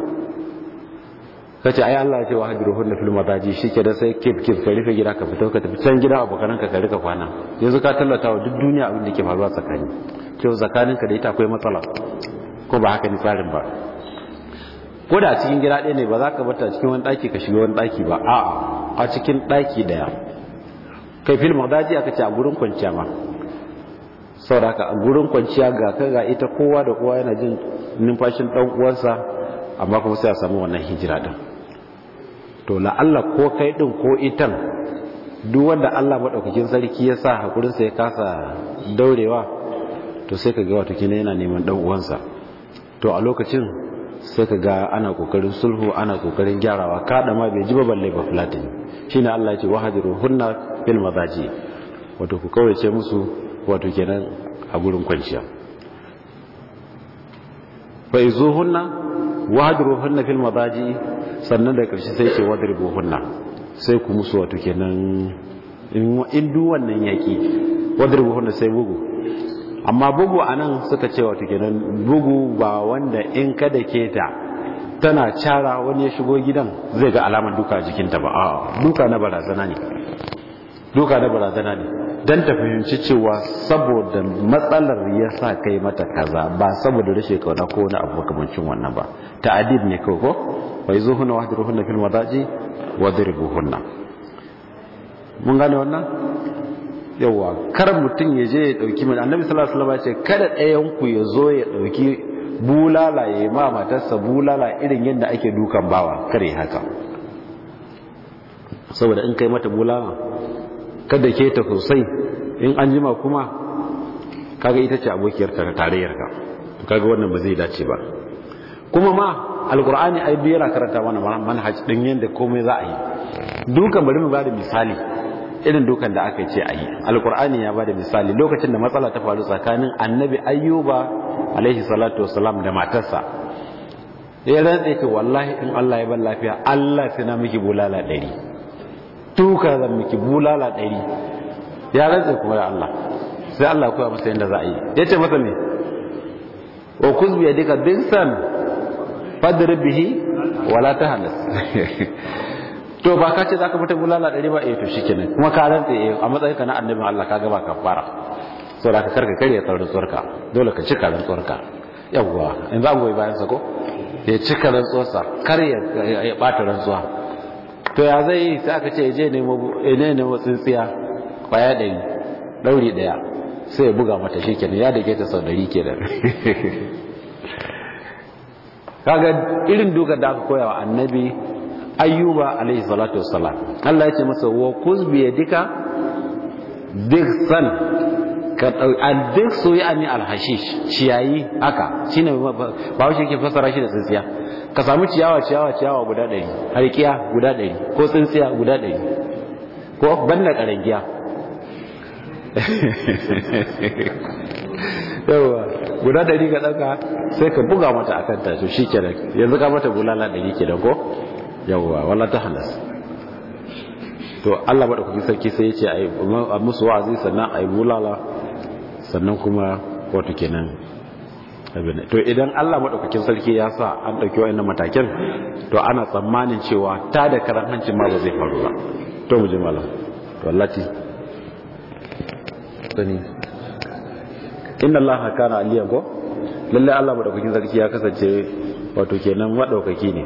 Ka ce ai Allah ya ce wa hunna fil madaji shike da sai kif kif ka rufe gida ka fito ka tafi can gida abokan ka ka rika kwana yanzu ka tallata wa duk duniya abin da ke faruwa tsakani cewa tsakanin ka da ita akwai matsala ko ba haka ni tsarin ba ko da a cikin gida ɗaya ne ba za ka bata cikin wani ɗaki ka shiga wani ɗaki ba a'a a cikin ɗaki ɗaya kai fil madaji aka ce a gurin kwanciya ma saboda a gurin kwanciya ga ka ga ita kowa da kowa yana jin numfashin ɗan uwansa amma kuma sai a samu wannan hijira din to la'alla ko kai din ko itan duk wanda Allah madaukakin sarki ya sa hakurin sa ya kasa daurewa to sai kaga wato kina yana neman dan uwansa to a lokacin sai kaga ana kokarin sulhu ana kokarin gyarawa kada ma bai ji ba balle ba flatini shine Allah ya ce wahajiru hunna bil mazaji wato ku ce musu wato kenan a gurin kwanciya fa izuhunna wahajiru hunna fil mazaji sannan da ƙarshe sai ce wadar buhunna sai ku musu wato kenan in duk wannan yaƙi wadar buhunna sai bugu amma bugu a nan suka ce wato kenan bugu ba wanda in kada ke ta tana cara wani ya shigo gidan zai ga alamar duka jikinta ba a duka na barazana ne duka na barazana ne don ta fahimci cewa saboda matsalar ya sa kai mata kaza ba saboda rashin kauna ko wani abu kamancin wannan ba adib ne kawai ko bai zo hunna wa hunna fil madaji wa dirbu hunna mun gane wannan yawa kar mutum ya je ya dauki mai annabi sallallahu alaihi wasallam ya ce kada ɗayan ku ya zo ya dauki bulala ya ma matarsa bulala irin yadda ake dukan bawa kare haka saboda in kai mata bulala kada ke ta sosai in an jima kuma kaga ita ce abokiyar ka tarayyar kaga wannan ba zai dace ba kuma ma alqur'ani ai biyara karanta mana manhaj din yanda komai za a yi duka bari mu ba da misali irin dukan da aka ce a yi alkur'ani ya ba da misali lokacin da matsala ta faru tsakanin annabi ayyuba alaihi salatu wasalam da matarsa ya rantse ce wallahi in allah ya ban lafiya allah sai na miki bulala ɗari tuka zan miki bulala ɗari ya rantsa kuma da Allah sai Allah kuwa masa yadda za a yi ya ce masa ne wa kuzbi ya dika san, fadar bihi wala ta halas to ba ka ce za ka fita bulala ɗari ba eh to shi kenan kuma ka rantsa eh a matsayin ka na annabin Allah ka gaba ka fara da ka karka tsarar tsorka dole ka cika rantsuwarka yawwa in za mu goyi bayan sako, ya cika rantsuwarsa kare ya ɓata rantsuwa to ya zai yi sai aka ce je ne mu tsintsiya kwaya ɗari ɗauri ɗaya sai ya buga mata shi kenan ya dake ta sau ɗari kenan kaga irin duka da aka koya wa annabi ayyuba alaihi salatu wassalam Allah ya ce masa wa kuz bi yadika dikhsan ka ya yani alhashish ciyayi haka shine ba shi ke fasara shi da tsintsiya ka samu ciyawa ciyawa ciyawa guda ɗari harkiya guda ɗari ko tsintsiya guda ɗari ko ban da ƙarangiya yawa guda ɗari ka ɗauka sai ka buga mata a kanta to shi kenan yanzu ka mata bulala ɗari kenan ko yawa wala ta halas to Allah madaukakin sarki sai ya ce a musu wa'azi sannan a yi bulala sannan kuma wata kenan to idan Allah madaukakin sarki ya sa an dauki wayannan matakin to ana tsammanin cewa ta da karan hancin ma ba zai faru ba to mu ji malam wallahi tani inna Allah kana aliyan go lalle Allah madaukakin sarki ya kasance wato kenan madaukaki ne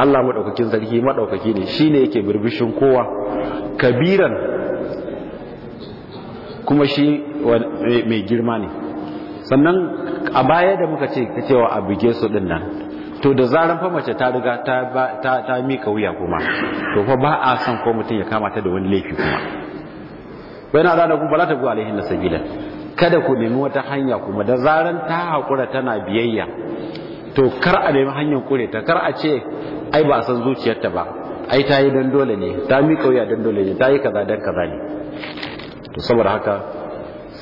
Allah maɗaukakin sarki maɗaukaki ne shine yake birbishin kowa kabiran kuma shi mai girma ne sannan a baya da muka ce ka cewa a buge su din nan to da zaran fa mace ta riga ta ta mika wuya kuma to fa ba a san ko mutum ya kamata da wani laifi kuma bayan Allah da kuma ta go alaihi nasabila. kada ku nemi wata hanya kuma da zaran ta hakura tana biyayya to kar a nemi hanyar kure ta kar a ce ai ba san zuciyarta ba ai ta yi don dole ne ta mika wuya don dole ne ta yi kaza dan kaza ne to saboda haka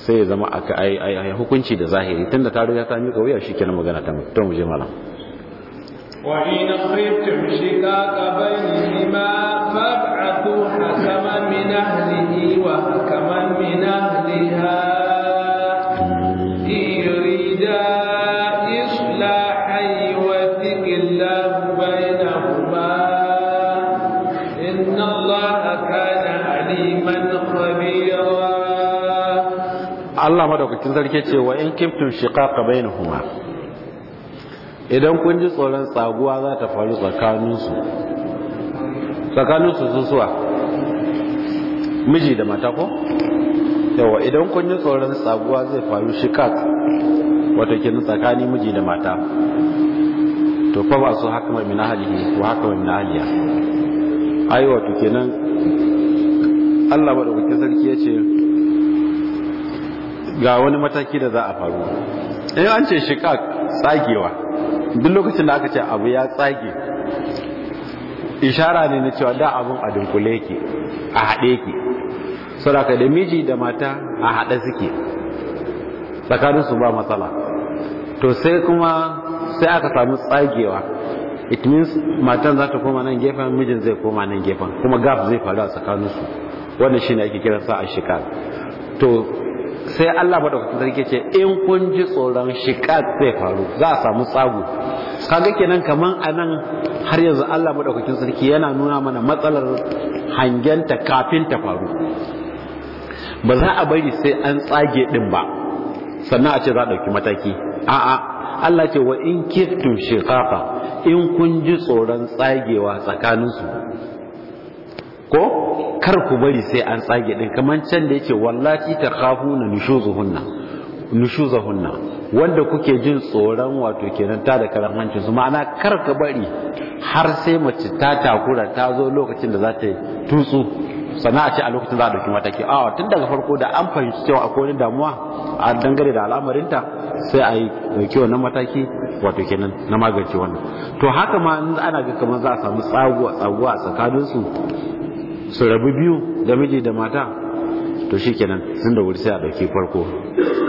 sai ya zama aka ai hukunci da zahiri tunda ta ta mika wuya shi kenan magana ta mutum mu je malam wa in khiftum shiqaqa bainihima fab'athu hasaman min ahlihi wa hakaman min ahliha Allah madaukakin sarki ce wa in kimtum shiqaqa bainahuma idan kun ji tsoron tsaguwa za ta faru tsakanin su tsakanin su zuwa miji da mata ko yawa idan kun ji tsoron tsaguwa zai faru shiqaq wato kin tsakanin miji da mata to fa ba su haka mai minahalihi wa haka mai minahaliya ayo to kenan Allah madaukakin sarki ya ce ga wani mataki da za a faru ɗaya eh, an ce shiƙaƙ tsagewa duk lokacin da aka ce abu ya tsage ishara ne na cewa da abun a dunkule ke a haɗe ke da miji da mata a haɗe suke tsakaninsu ba matsala to sai kuma sai aka samu tsagewa it means matan za ta koma nan gefen mijin zai koma nan gefen kuma gaf zai faru a tsakaninsu wannan shi ne ake kiran sa a shikar to sai Allah madaukakin sarki ce in kun ji tsoron shiqaq zai faru za a samu tsagu kaga kenan kaman anan har yanzu Allah madaukakin sarki yana nuna mana matsalar hangenta kafin ta faru ba za a bari sai an tsage din ba sannan a ce za a dauki mataki a'a Allah ce wa in kirtum shiqaqa in kun ji tsoron tsagewa tsakaninsu ko kar ku bari sai an tsage din kamar can da yake wallahi ta khafuna nushuzuhunna nushuzuhunna wanda kuke jin tsoron wato kenan ta da karan su ma'ana kar ka bari har sai mace ta takura ta zo lokacin da za ta yi tutsu sana'a ce a lokacin za a dauki mataki a tun daga farko da an fahimci cewa akwai wani damuwa a dangane da al'amarinta sai a yi dauki wannan mataki wato kenan na magance wannan to haka ma ana ga kamar za a samu tsaguwa tsaguwa a tsakaninsu su rabu biyu da miji da mata to shi kenan sun da wuri sai a dauki farko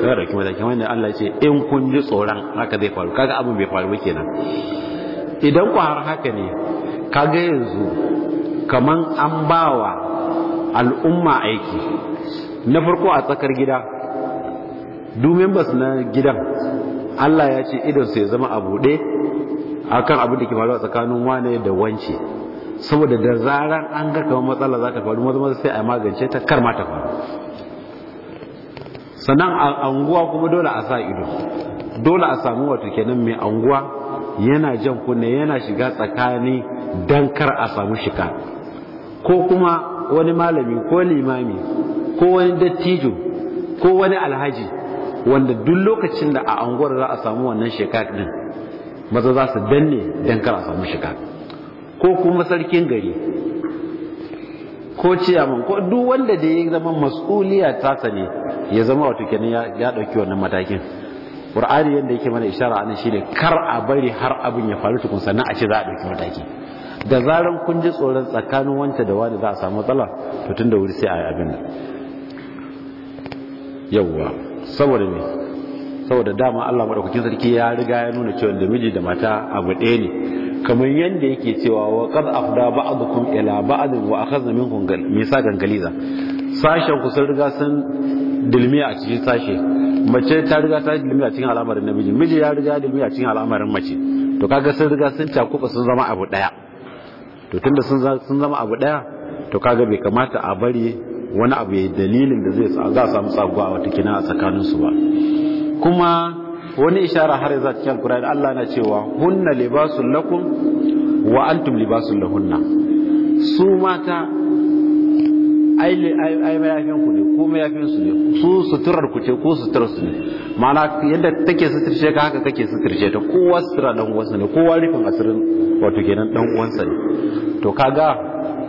ka dauki matakin wanda Allah ya ce in kun ji tsoron haka zai faru kaga abin bai faru ba kenan idan ku har haka ne kaga yanzu kaman an bawa al'umma aiki na farko a tsakar gida duk members na gidan Allah ya ce idan sai zama a buɗe akan abin da ke faruwa tsakanin wane da wance saboda da zarar an ga kamar matsala za ta faru maza maza sai a magance ta kar ma ta faru sannan a anguwa kuma dole a sa ido dole a samu wato kenan mai anguwa yana jan kunne yana shiga tsakani dan kar a samu shika ko kuma wani malami ko limami ko wani dattijo ko wani alhaji wanda duk lokacin da a anguwar za a samu wannan shekar din maza za su danne dan kar a samu shika ko kuma sarkin gari ko ciyaman ko duk wanda da ya zama mas'uliya tasa ne ya zama wato kenan ya dauki wannan matakin qur'ani yanda yake mana ishara anan shine kar a bari har abin ya faru tukun sannan a ce za a dauki mataki da zaran kun ji tsoron tsakanin wanta da wani za a samu matsala to tun wuri sai a yi abin nan yawwa saboda ne saboda dama Allah madaukakin sarki ya riga ya nuna cewa da miji da mata abu ɗaya ne kamar yadda yake cewa wa kar afda ba'dukum ila ba'd wa akhadha minkum misakan galiza sashen ku sun riga sun dilmi a cikin sashe mace ta riga ta dilmi a cikin al'amarin namiji miji ya riga dilmi a cikin al'amarin mace to kaga sun riga sun cakuba sun zama abu daya to tunda sun zama abu daya to kaga bai kamata a bari wani abu ya dalilin da zai za a samu tsaguwa wata kina a tsakaninsu ba kuma wani ishara har yanzu cikin alkur'ani Allah na cewa hunna libasul lakum wa antum libasul lahunna su mata ai ai yafin ku ne ko yafin su ne su suturar ku ce ko suturar su ne ma'ana yadda take suturce ka haka kake suturce ta kowa sutura dan uwansa ne kowa rufin asirin wato kenan dan uwansa ne to kaga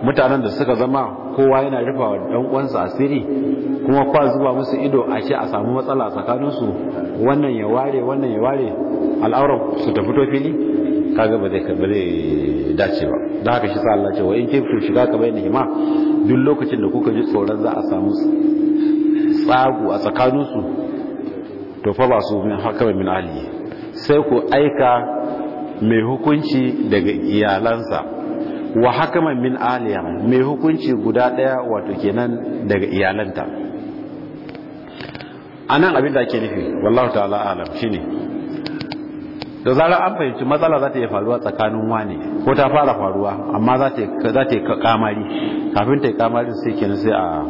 mutanen da suka zama kowa yana rufa wa ɗan uwansa asiri kuma kwa zuba musu ido a ce a samu matsala tsakaninsu wannan ya ware wannan ya ware al'auran su tafi fito fili kaga ba zai dace ba da haka shi sa Allah ce wa in shiga ka bayin hima duk lokacin da kuka ji tsoron za a samu tsagu a tsakaninsu to fa ba su min haka min ali sai ku aika mai hukunci daga iyalansa wa hakaman min aliya mai hukunci guda daya wato kenan daga iyalanta anan abin da ake nufi wallahu ta'ala alam shine da zarar an fahimci matsala za ta iya faruwa tsakanin wani ko ta fara faruwa amma za ta yi kamari kafin ta yi kamari sai kenan sai a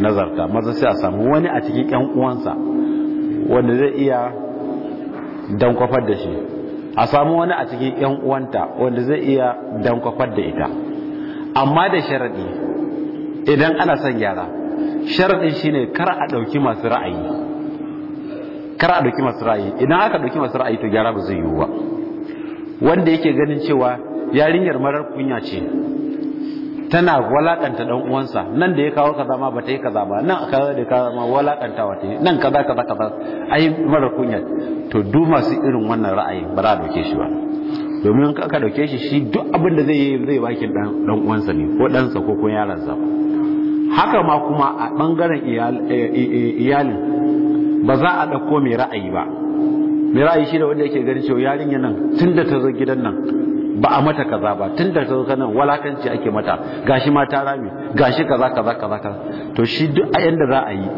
nazarta maza sai a samu wani a cikin yan uwansa wanda zai iya dan kwafar da shi a samu wani a cikin yan uwanta wanda zai iya dankwafar da ita amma da sharaɗi idan ana son gyara sharadin shine kar a ɗauki masu ra'ayi kar a ɗauki masu ra'ayi idan aka ɗauki masu ra'ayi to gyara ba zai yiwu ba wanda yake ganin cewa yarinyar marar kunya ce tana walakanta dan uwansa nan da ya kawo kaza ma bata yi kaza ba nan aka da kaza ma walakanta wata nan kaza kaza kaza ai mara kunya to duk masu irin wannan ra'ayi ba za a dauke shi ba domin ka dauke shi shi duk abin da zai yi zai baki dan dan uwansa ne ko ɗansa ko yaran sa. haka ma kuma a bangaren iyali eh, eh, eh, ba za a dauko mai ra'ayi ba mai ra'ayi shi da wanda yake ganin cewa yarinya nan tunda ta zo gidan nan ba a mata kaza ba tun da ta nan walakanci ake mata gashi ma ta gashi kaza kaza kaza kaza to shi duk a yanda za a yi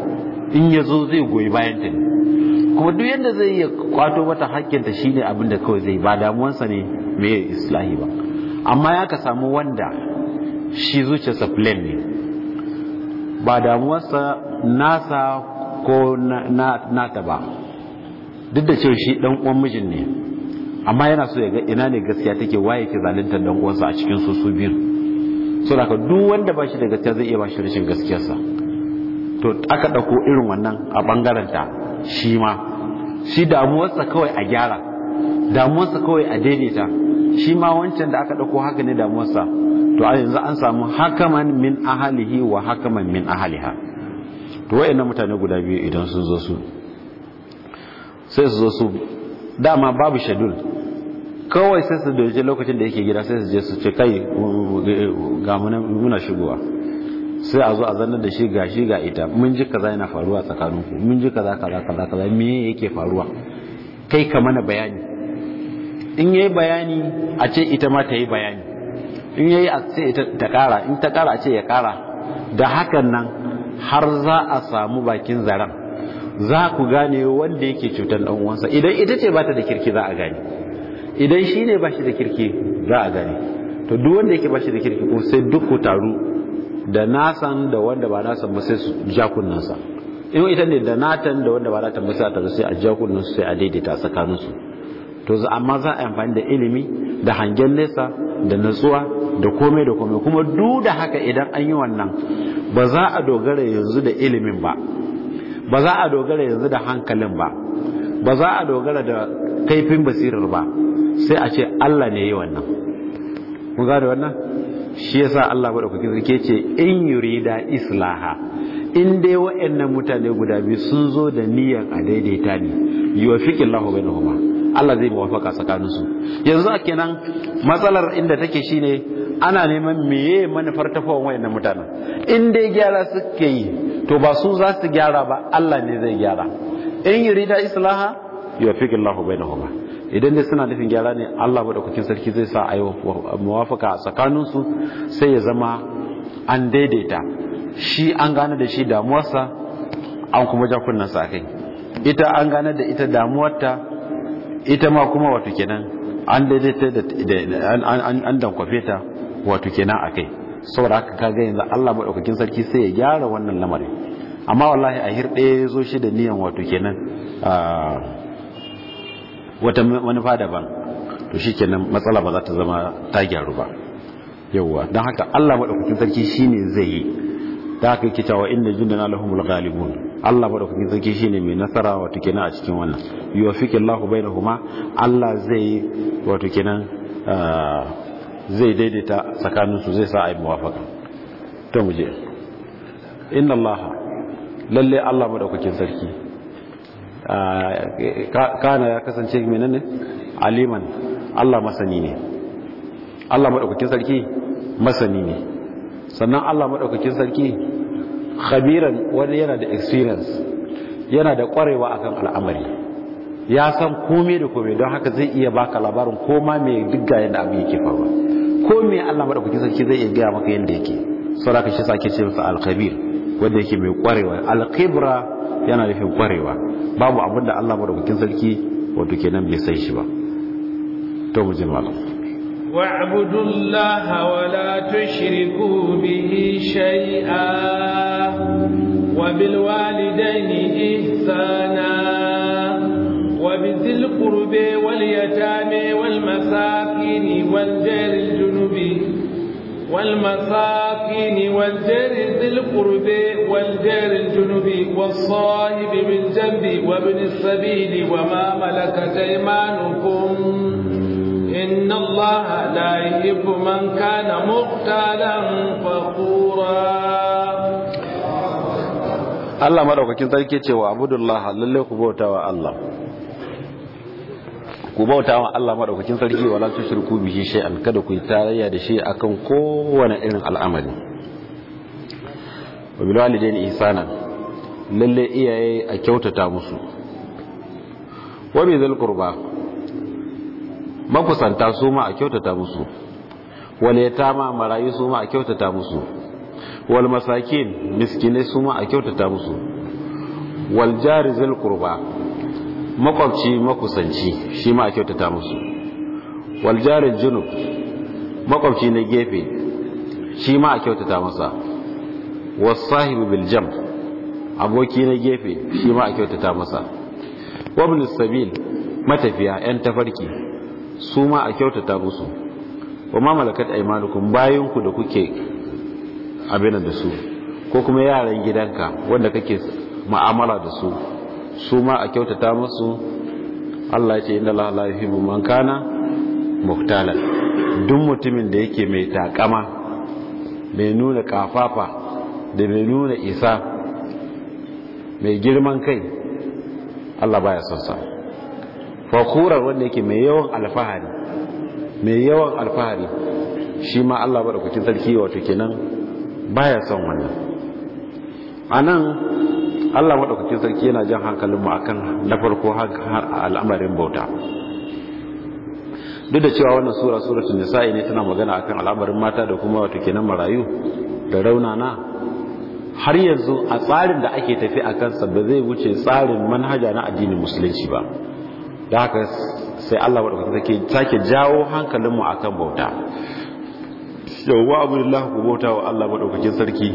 in ya zo zai goyi bayan ta ne kuma duk yanda zai iya kwato mata hakkinta ne abin da kawai zai ba damuwansa ne me islahi ba amma ya ka samu wanda shi zuciyarsa plan ne ba damuwarsa nasa ko nata ba duk da cewa shi dan uwan mijin ne amma yana so ya ga ina ne gaskiya take waye ke zalunta dan uwansa a cikin su su biyu so da duk wanda bashi da gaskiya zai iya ba shi rashin gaskiyarsa to aka ɗauko irin wannan a bangaren ta shi ma shi damuwarsa kawai a gyara damuwarsa kawai a daidaita shi ma wancan da aka ɗauko haka ne damuwarsa to a yanzu an samu hakaman min ahalihi wa hakaman min ahaliha to wayannan mutane guda biyu idan sun zo su sai su zo su dama babu shadul kawai sai su doje lokacin da yake gida sai su je su ce kai ga muna shigowa sai a zo a zannar da shi ga shi ga ita mun ji kaza yana faruwa tsakaninku mun ji kaza kaza kaza kaza me yake faruwa kai ka mana bayani in yayi bayani a ce ita ma ta yi bayani in yayi a ce ita ta kara in ta kara a ce ya kara da hakan nan har za a samu bakin zaren za ku gane wanda yake cutar dan uwansa idan ita ce bata da kirki za a gane idan shi ne bashi da kirki za a gane to duk wanda yake bashi da kirki ko sai duk ku taru da nasan da wanda ba nasan ba sai su ja in ita ne da natan da wanda ba natan ba sai a sai a ja sai a daidaita tsakaninsu to za amma za a yi amfani da ilimi da hangen nesa da natsuwa da komai da komai kuma duk da haka idan an yi wannan ba za a dogara yanzu da ilimin ba ba za a dogara yanzu da hankalin ba ba za a dogara da kaifin basirar ba sai a ce Allah ne yi wannan mun gane wannan shi yasa Allah madaukakin sarki ce in yurida islaha in dai waɗannan mutane guda biyu sun zo da niyyar a daidaita ne yuwafiqu Allahu bainahuma Allah zai muwafaka tsakaninsu yanzu a kenan matsalar inda take shine ana neman meye manufar tafiyan wayannan mutanen in dai gyara suke yi to ba su za su gyara ba Allah ne zai gyara in yurida islaha bai Allahu bainahuma idan dai suna nufin gyara ne Allah madaukakin sarki zai sa ayi muwafaka tsakanin su sai ya zama an daidaita shi an gane da shi damuwarsa an kuma ja kunnansa akai ita an gane da ita damuwarta ita ma kuma wato kenan an daidaita da an dankwafe ta wato kenan akai saboda haka kaga yanzu Allah madaukakin sarki sai ya gyara wannan lamarin amma wallahi a hirɗe zo shi da niyan wato kenan wata manufa daban to shikenan matsala ba za ta zama ta gyaru ba yawwa don haka Allah madaukakin sarki shine zai yi da haka yake cewa inna na lahumul ghalibun Allah madaukakin sarki shine mai nasara wato kenan a cikin wannan da bainahuma Allah zai wato kenan zai daidaita tsakaninsu zai sa a yi muwafaka ta muje inna allaha lalle allah madaukakin sarki kana ya kasance menene aliman allah masani ne allah madaukakin sarki masani ne sannan allah madaukakin sarki khabiran wani yana da experience yana da kwarewa akan al'amari ya san komai da komai don haka zai iya baka labarin koma mai duk ga yadda abin yake faruwa ko mai Allah madaukakin sarki zai iya gaya maka yadda yake saboda shi sake ce masa alkabir wanda yake mai kwarewa alkibra yana nufin kwarewa babu abin da Allah madaukakin sarki wato kenan bai san shi ba to mu ji malam wa'budu Allah wa bihi shay'a wa bil وبذي القرب واليتامى والمساكين والجار الجنوب والمساكين والجار ذي القرب والجار الجنوب والصاحب بالجنب وابن السبيل وما ملكت ايمانكم إن الله لا يحب من كان مختالا فخورا Allah madaukakin sarki cewa abudullahi lalle ku bauta wa Allah ku bauta wa Allah madaukakin sarki wala tushriku bihi shay'an kada ku yi tarayya da shi akan kowane irin al'amari wa bil walidaini ihsana lalle iyaye a kyautata musu wa bi dhil qurba makusanta su ma a kyautata musu wal yatama marayu su ma a kyautata musu wal masakin miskinai su ma a kyautata musu wal jari dhil qurba makwabci makusanci shi ma a kyautata musu waljarin junub makwabci na gefe shi ma a kyautata masa wasahi biljam aboki na gefe shi ma a kyautata masa wabin sabil matafiya 'yan tafarki su ma a kyautata musu wa ma malakat aimanukum bayanku da kuke abin da su ko kuma yaran gidanka wanda kake ma'amala da su su ma a kyautata musu Allah ce inda Allah la yuhibbu man kana muhtalan duk mutumin da yake mai takama mai nuna kafafa da mai nuna isa mai girman kai Allah baya son sa fakurar wanda yake mai yawan alfahari mai yawan alfahari shi ma Allah madaukakin sarki wato kenan baya son wannan anan Allah madaukakin sarki yana jan hankalin mu akan na farko har al'amarin bauta duk da cewa wannan sura suratul nisa'i ne tana magana akan al'amarin mata da kuma wato kenan marayu da raunana har yanzu a tsarin da ake tafi a kansa ba zai wuce tsarin manhaja na addinin musulunci ba da haka sai Allah wadda take take jawo hankalinmu akan bauta yawwa abdullahi ku bauta wa Allah madaukakin sarki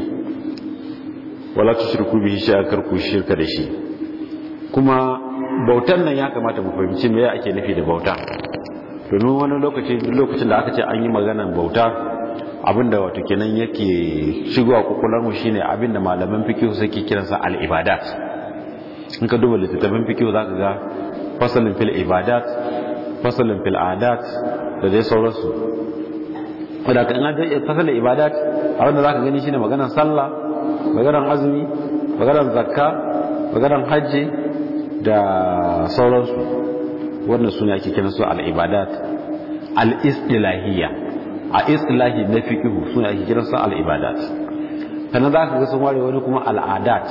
wala shirku bi shi a karku shirka da shi kuma bautan nan ya kamata mu fahimci me ake nufi da bauta domin wani lokaci lokacin da aka ce an yi maganar bauta abinda wato kenan yake shigowa kokolar mu shine abinda malaman fikihu suke kiransa al-ibadat in ka duba littattafan fikihu zaka ga fasalin fil ibadat fasalin fil adat da dai sauransu wadda kan an fasalin ibadat abinda zaka gani shine maganar sallah maganar azumi maganar zakka maganar hajji da sauransu wannan suna ake kiran su al-ibadat al-istilahiyya a istilahi na fiqhu suna ake kiran su al-ibadat kana za ka ga sun ware wani kuma al-adat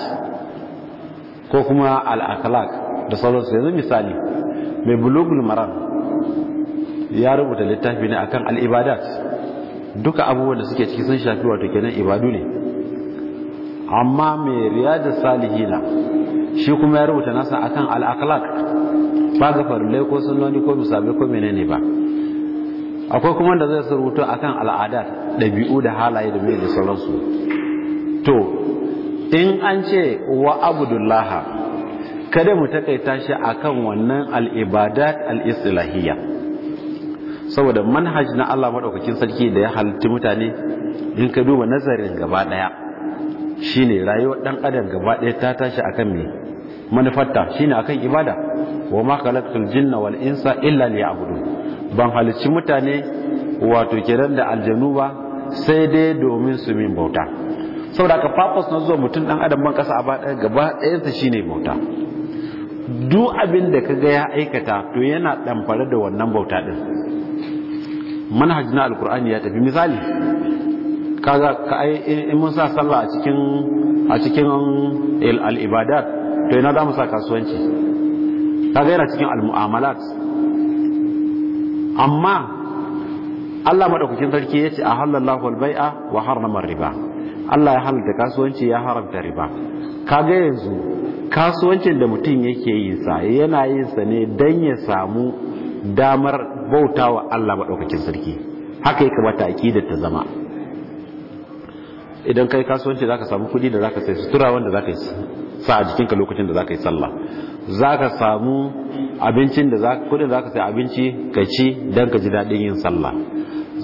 ko kuma al-akhlaq da sauransu yanzu misali mai bulugul maram ya rubuta littafi ne akan al-ibadat duka abubuwan da suke ciki sun shafi wato kenan ibadu ne amma mai salihi na shi kuma ya rubuta nasa akan al ba ga farle ko sunnoni ko musabe ko menene ba akwai kuma da zai rubuta akan al'ada ɗabi'u da halaye da mai da sauransu to in an ce wa abdullah kada mu takaita shi akan wannan al-ibadat al-istilahiyya saboda manhaj na Allah maɗaukakin sarki da ya halitta mutane in ka duba nazarin gaba ɗaya Shi ne rayuwar ɗan adam gaba ɗaya ta tashi akan shi manufarta a kan ibada wa ma jinna wal insa illa gudu ban halicci mutane wato kiran da aljanu ba sai dai domin su min bauta saboda ka fafos na zuwa mutum ɗan adam ban kasa a ɗaya gaba ɗayan ta shine bauta duk abin da kaga ya aikata to yana damfare da wannan bauta ɗin manhaj na alkur'ani ya tafi misali kaga ka ai in mun sa sallah a cikin a cikin eh, al ibadat to ina za mu sa kasuwanci kaga yana cikin al mu'amalat amma Allah madaukakin sarki yace a halallahu al bai'a wa harrama riba Allah ya halalta kasuwanci ya haramta riba kaga yanzu kasuwancin da mutum yake yi sa yana yin sa ne dan ya samu damar bautawa Allah madaukakin sarki haka ya kamata aqidar ta zama idan kai kasuwanci zaka samu kuɗi da zaka sai sutura wanda zaka yi sa a jikinka lokacin da zaka yi sallah zaka samu abincin da zaka kudin zaka sai abinci ka ci dan ka ji daɗin yin sallah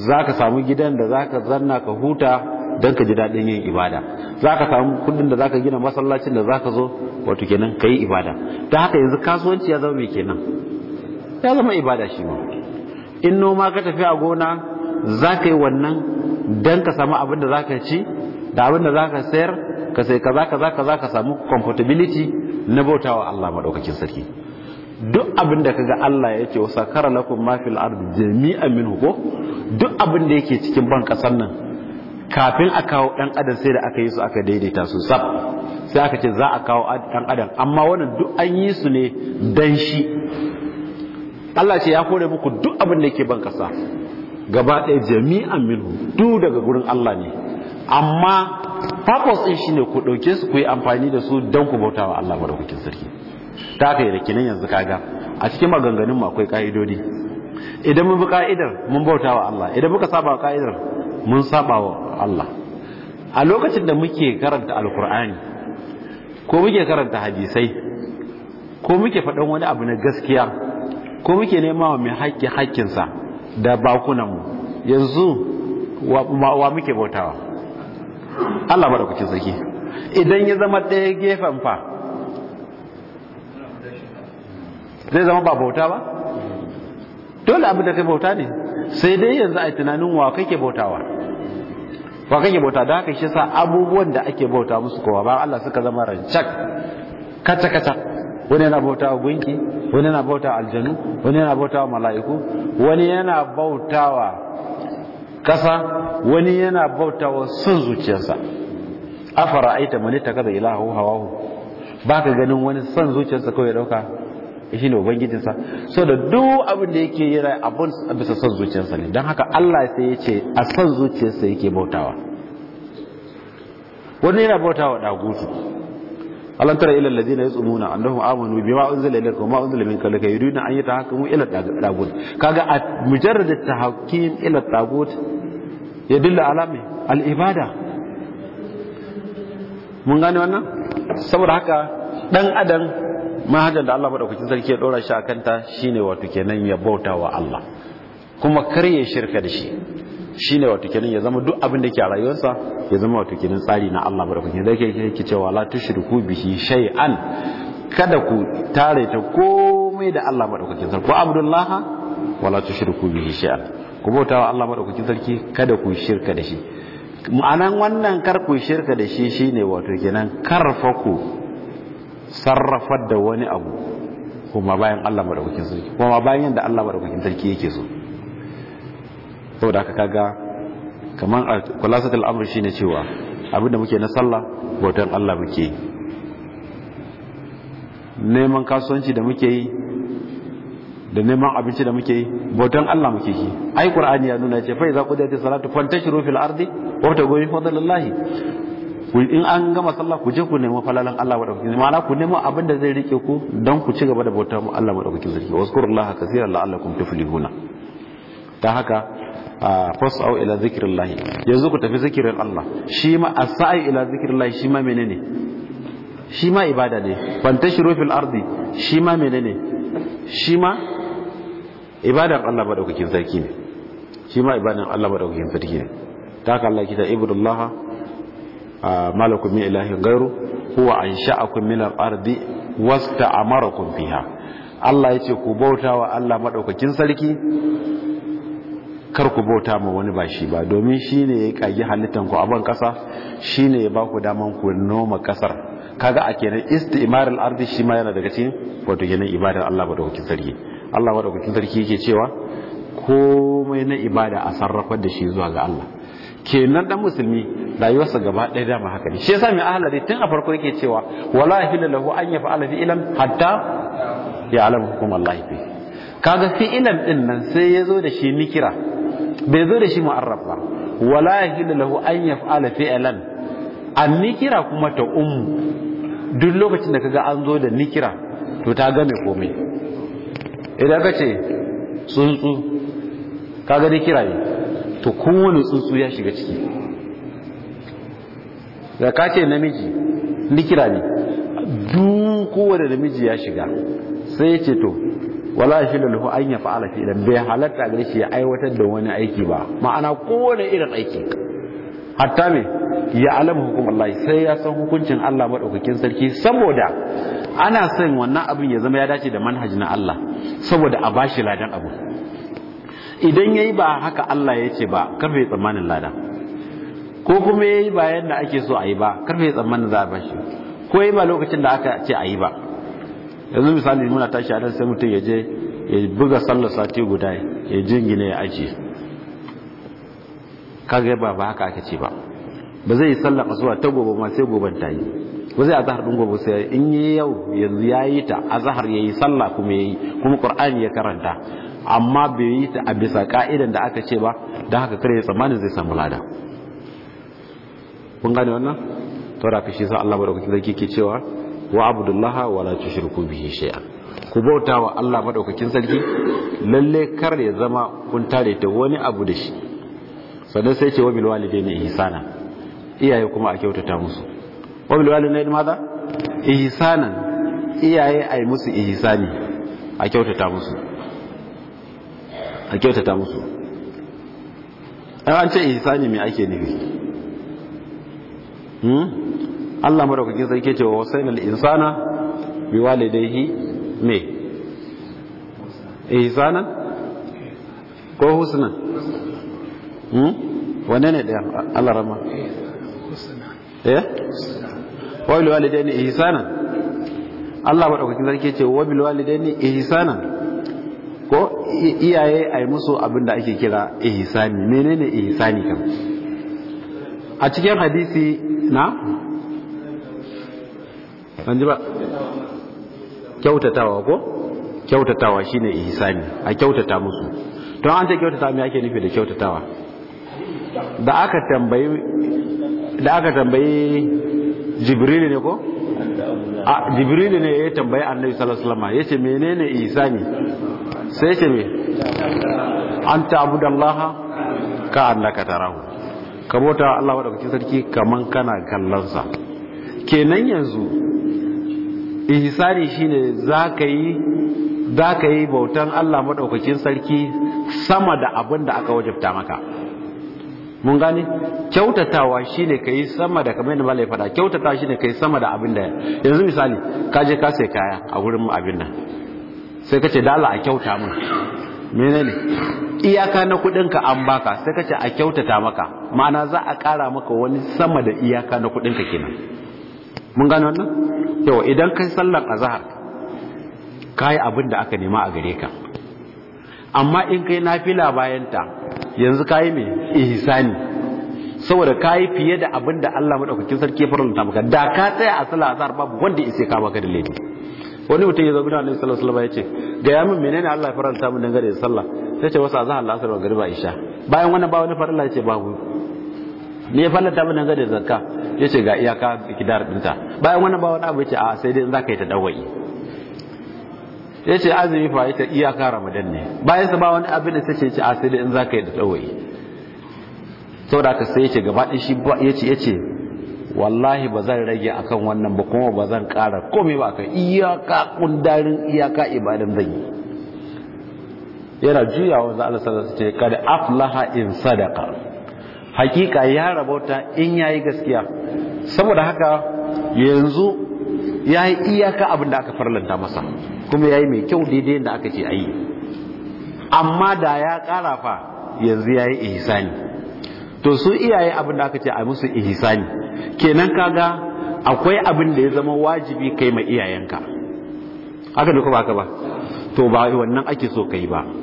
zaka samu gidan da zaka zanna ka huta dan ka ji daɗin yin ibada zaka samu kuɗin da zaka gina masallacin da zaka zo wato kenan kai ibada ta haka yanzu kasuwanci ya zama me kenan ya zama ibada shi ma in noma ka tafi a gona za ka yi wannan don ka samu abin da za ka ci da abin da za ka sayar ka sai kaza kaza kaza ka samu comfortability na bauta wa Allah maɗaukakin sarki duk abin da kaga Allah ya ce wasa kara lafin mafi fil ardi jami'an minhu ko duk abin da yake cikin ban kasan nan kafin a kawo ɗan adam sai da aka yi su aka daidaita su sab sai aka ce za a kawo ɗan adam amma wannan duk an yi su ne dan shi Allah ce ya kore muku duk abinda da yake ban kasa gaba ɗaya jami'an minhu duk daga gurin Allah ne amma purpose din shine ku ɗauke su ku yi amfani da su don ku bauta wa Allah madaukakin sarki ta kai da kinan yanzu kaga a cikin maganganun mu akwai ƙa'idodi idan mun bi ka'idar mun bauta wa Allah idan muka saba wa ka'idar mun saba wa Allah a lokacin da muke karanta alkur'ani ko muke karanta hadisai ko muke faɗan wani abu na gaskiya ko muke nema wa mai haƙƙi haƙƙinsa da bakunanmu yanzu wa muke bautawa Allah madaukakin sarki idan ya zama ɗaya gefen fa zai zama ba bauta ba dole abin da kai bauta ne sai dai yanzu a tunanin wa kake bautawa wa kake bauta da haka shi sa abubuwan da ake bauta musu kowa ba Allah suka zama rancak kacakaca wani yana bauta wa gunki wani yana bauta aljanu wani yana bauta wa mala'iku wani yana bauta wa kasa wani yana bautawa son zuciyarsa afara aita mani ta kaza ilahu hawahu baka ganin wani son zuciyarsa kawai ya dauka eh, shi ne ubangijinsa so da duk abin da yake yi abun bisa son zuciyarsa ne don haka Allah sai ya ce a son zuciyarsa yake bautawa wani yana bautawa dagutu Allah tara ila alladhina yasumuna annahum amanu bima unzila ilayka wa ma unzila min qablika yuriduna an yatahakamu ila tagut kaga mujarrad at-tahakkim ila tagut yadullu ala me al-ibada mun gane wannan saboda haka dan adam manhajar da Allah madaukakin sarki ya dora shi akanta shine wato kenan ya bauta wa Allah kuma kar ya shirka da shi ne wato kenan ya zama duk abin da ke a rayuwarsa ya zama wato kenan tsari na Allah madaukakin da ke yake cewa la tushriku bihi shay'an kada ku tare ta komai da Allah madaukakin sarki ko abdullah wala tushriku bihi shay'an ku bauta wa Allah madaukakin sarki kada ku shirka da shi ma'anan wannan kar ku shirka da shi shine wato kenan karfa ku sarrafa da wani abu kuma bayan Allah madaukakin sarki kuma bayan da Allah madaukakin sarki yake so saboda haka kaga kamar al'amur shi ne cewa abinda muke na sallah bautan Allah muke yi neman kasuwanci da muke yi da neman abinci da muke yi bautan Allah muke yi ai qur'ani ya nuna ce fa iza qudiyati salatu fantashiru fil ardi wa tagu min ku in an gama sallah ku je ku nemi falalan Allah madaukakin ma'ana ku nemi abin da zai rike ku don ku ci gaba da bautan Allah madaukakin sarki wa zkurullaha kaseeran la'allakum tuflihuna ta haka fas'au ila zikrillah yanzu ku tafi zikirin Allah shi ma asai ila zikrillah shi ma menene shi ma ibada ne fantashiru fil ardi shi ma menene shi ma ibadan Allah madaukakin sarki ne shi ma ibadan Allah madaukakin sarki ne ta haka Allah kita ibudullah malakum min ilahin ghairu huwa ansha'akum min al-ardi wasta'amarakum fiha Allah yace ku bautawa Allah madaukakin sarki kar ku bauta ma wani ba shi ba domin shi ne ya kagi halittar ku abin kasa shi ne ya ba ku daman ku noma kasar kaga a kenan istimarul ardi shi ma yana daga cikin wato yanayin ibadar Allah madaukakin sarki Allah madaukakin sarki yake cewa komai na ibada a sarrafa da shi zuwa ga Allah kenan dan musulmi rayuwarsa gaba ɗaya dama haka ne shi yasa mai ahalari tun a farko yake cewa wala hilal lahu an yaf'ala fi ilan hatta ya'lamu hukum Allah fi kaga fi ilan din nan sai ya zo da shi nikira bai zo da shi mu'arraf ba wala yahillu lahu an yaf'ala fi'lan an nikira kuma ta ummu duk lokacin da kaga an zo da nikira to ta game komai idan ka ce tsuntsu kaga nikira ne to kowane tsuntsu ya shiga ciki da ka ce namiji nikira ne duk kowane namiji ya shiga sai ya ce to wala shi lafi an ya fa'ala idan bai halatta gare shi ya aiwatar da wani aiki ba ma'ana kowane irin aiki hatta me ya alamu hukum Allah sai ya san hukuncin Allah madaukakin sarki saboda ana son wannan abin ya zama ya dace da manhaji na Allah saboda a bashi ladan abu idan yayi ba haka Allah ya ce ba karfe tsammanin Lada ko kuma yayi ba yadda ake so a yi ba karfe tsammanin za a bashi ko yayi ba lokacin da aka ce a yi ba yanzu misali muna tashi a nan sai mutum ya je ya buga sallar sati guda ya jingina ya ajiye kaga ba ba haka aka ce ba ba zai yi sallar asuwa ta gobe ma sai goben ta yi ba zai azahar ɗin gobe sai in yi yau yanzu ya yi ta azahar ya yi sallah kuma ya yi kuma qur'ani ya karanta amma bai yi ta a bisa ƙa'idan da aka ce ba don haka kare tsammanin zai samu lada kun wannan to da ka shi sa Allah ke cewa wa abdullaha wala tushriku bihi shay'a ku bauta wa Allah madaukakin sarki lalle kar ya zama kun tare ta wani abu da shi sannan sai ce wa bil walidaini ihsana iyaye kuma a kyautata musu wa bil walidaini madha ihsana iyaye ai musu ihsani a kyautata musu a kyautata musu an ce ihsani me ake nufi hmm Allah madaukakin sarki ce wa wasainal insana bi walidayhi me ihsanan ko husnan hmm wanne ne da Allah rama eh wa bil walidayni ihsana Allah madaukakin sarki ce wa bil walidayni ihsana ko iyaye ai musu abin da ake kira ihsani menene ihsani kam a cikin hadisi na an ji ba kyautatawa ko kyautatawa shine ihsani a kyautata musu to an ce kyautata me ake nufi da kyautatawa da aka tambayi da aka jibril ne ko a jibril ne ya tambayi annabi sallallahu alaihi wasallam yace menene ihsani sai yace me an ta'budallaha ka annaka tarahu ka bauta Allah madaukakin sarki kaman kana kallon sa kenan yanzu ihsani shine zaka yi zaka yi bautan Allah madaukakin sarki sama da abin da aka wajabta maka mun gane kyautatawa shine kai sama da kamar yadda malai fada kyautatawa shine kai sama da abin da yanzu misali ka je ka sai kaya a gurin abin nan sai ka ce da Allah a kyauta mun menene iyaka na ka an baka sai ka ce a kyautata maka ma'ana za a kara maka wani sama da iyaka na ka kenan mun gano wannan yau idan kai sallan azhar kai abin da aka nema a gare ka amma in kai nafila bayan ta yanzu kai me ihsani saboda kai fiye da abin da Allah madaukakin sarki ya faranta maka da ka tsaya a sallar azhar babu wanda isai ka da laifi wani mutum ya zo bin Annabi sallallahu alaihi wasallam ya ce ga yamin menene Allah ya faranta mun dangane da sallah sai ce wasu azhar Allah sallallahu alaihi wasallam isha bayan wannan ba wani farilla ya ce babu ne ya faranta mun dangane da zakka ya ce ga iyaka kidar dinta bayan wani ba wani abu ya ce a sai dai za ka yi ta dawai ya ce azumi fa ya ce iyaka ramadan ne bayan sa ba wani abu da sai ce a sai dai za ka yi ta dawai saboda ka sai ya ce gaba ɗin shi ya ce ya ce wallahi ba zan rage akan wannan ba kuma ba zan ƙara komai ba akan iyaka kundarin iyaka ibadan zan yi yana juyawa za Allah su ce kada aflaha in sadaka hakika ya rabauta in yayi gaskiya saboda haka yanzu yayi iyaka abin da aka farlanta masa kuma yayi mai kyau daidai da aka ce ayi amma da ya ƙara fa yanzu yayi ihsani to su iyaye abin da aka ce a musu ihsani kenan kaga akwai abin da ya zama wajibi kai mai iyayenka haka duka ba ka ba to ba wannan ake so kai ba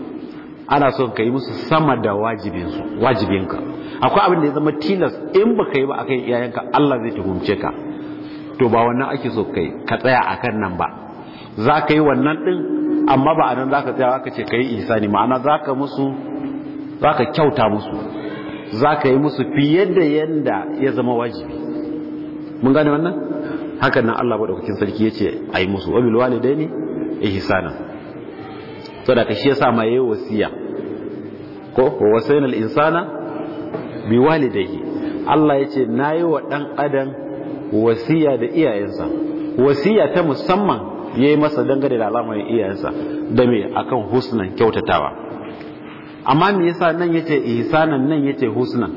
ana so ka yi musu sama da wajibinsu wajibinka akwai abin da ya zama tilas in baka yi ba akan iyayenka Allah zai tuhumce ka to ba wannan ake so kai ka tsaya akan nan ba za ka yi wannan din amma ba a nan za ka tsaya aka ce ka yi ne ma'ana za ka musu za ka kyauta musu za ka yi musu fiye da yadda ya zama wajibi mun gane wannan hakan nan Allah madaukakin sarki ya ce a yi musu wa bil walidaini ihsanan so da ka shi yasa ma yayi wasiya ko wasayna al-insana bi walidayhi Allah yace nayi wa dan adam wasiya da iyayensa wasiya ta musamman yayi masa dangane da al'amarin iyayensa da me akan husnan kyautatawa amma me yasa nan yace ihsanan nan yace husnan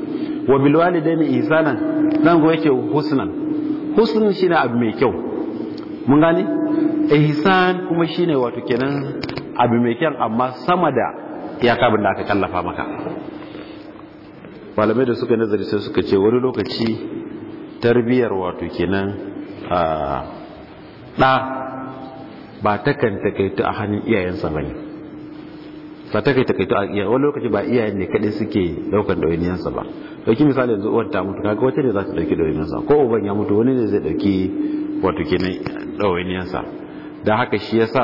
wa bil walidaini ihsanan nan go yace husnan husnan shine abu mai kyau mun gane ihsan kuma shine wato kenan abu mai kyan amma sama da iyaka abin da aka kallafa maka malamai da suka nazari sai suka ce wani lokaci tarbiyyar wato kenan a ɗa ba takan takaitu a hannun iyayensa ba ne ba ta kai takaito a iyayen wani lokaci ba iyayen ne kaɗai suke ɗaukar ɗawainiyarsa ba ɗauki misali yanzu uwar ta mutu kaga wata ne za ta ɗauki ɗawainiyarsa ko uban ya mutu wani ne zai ɗauki wato kenan ɗawainiyarsa da haka shi yasa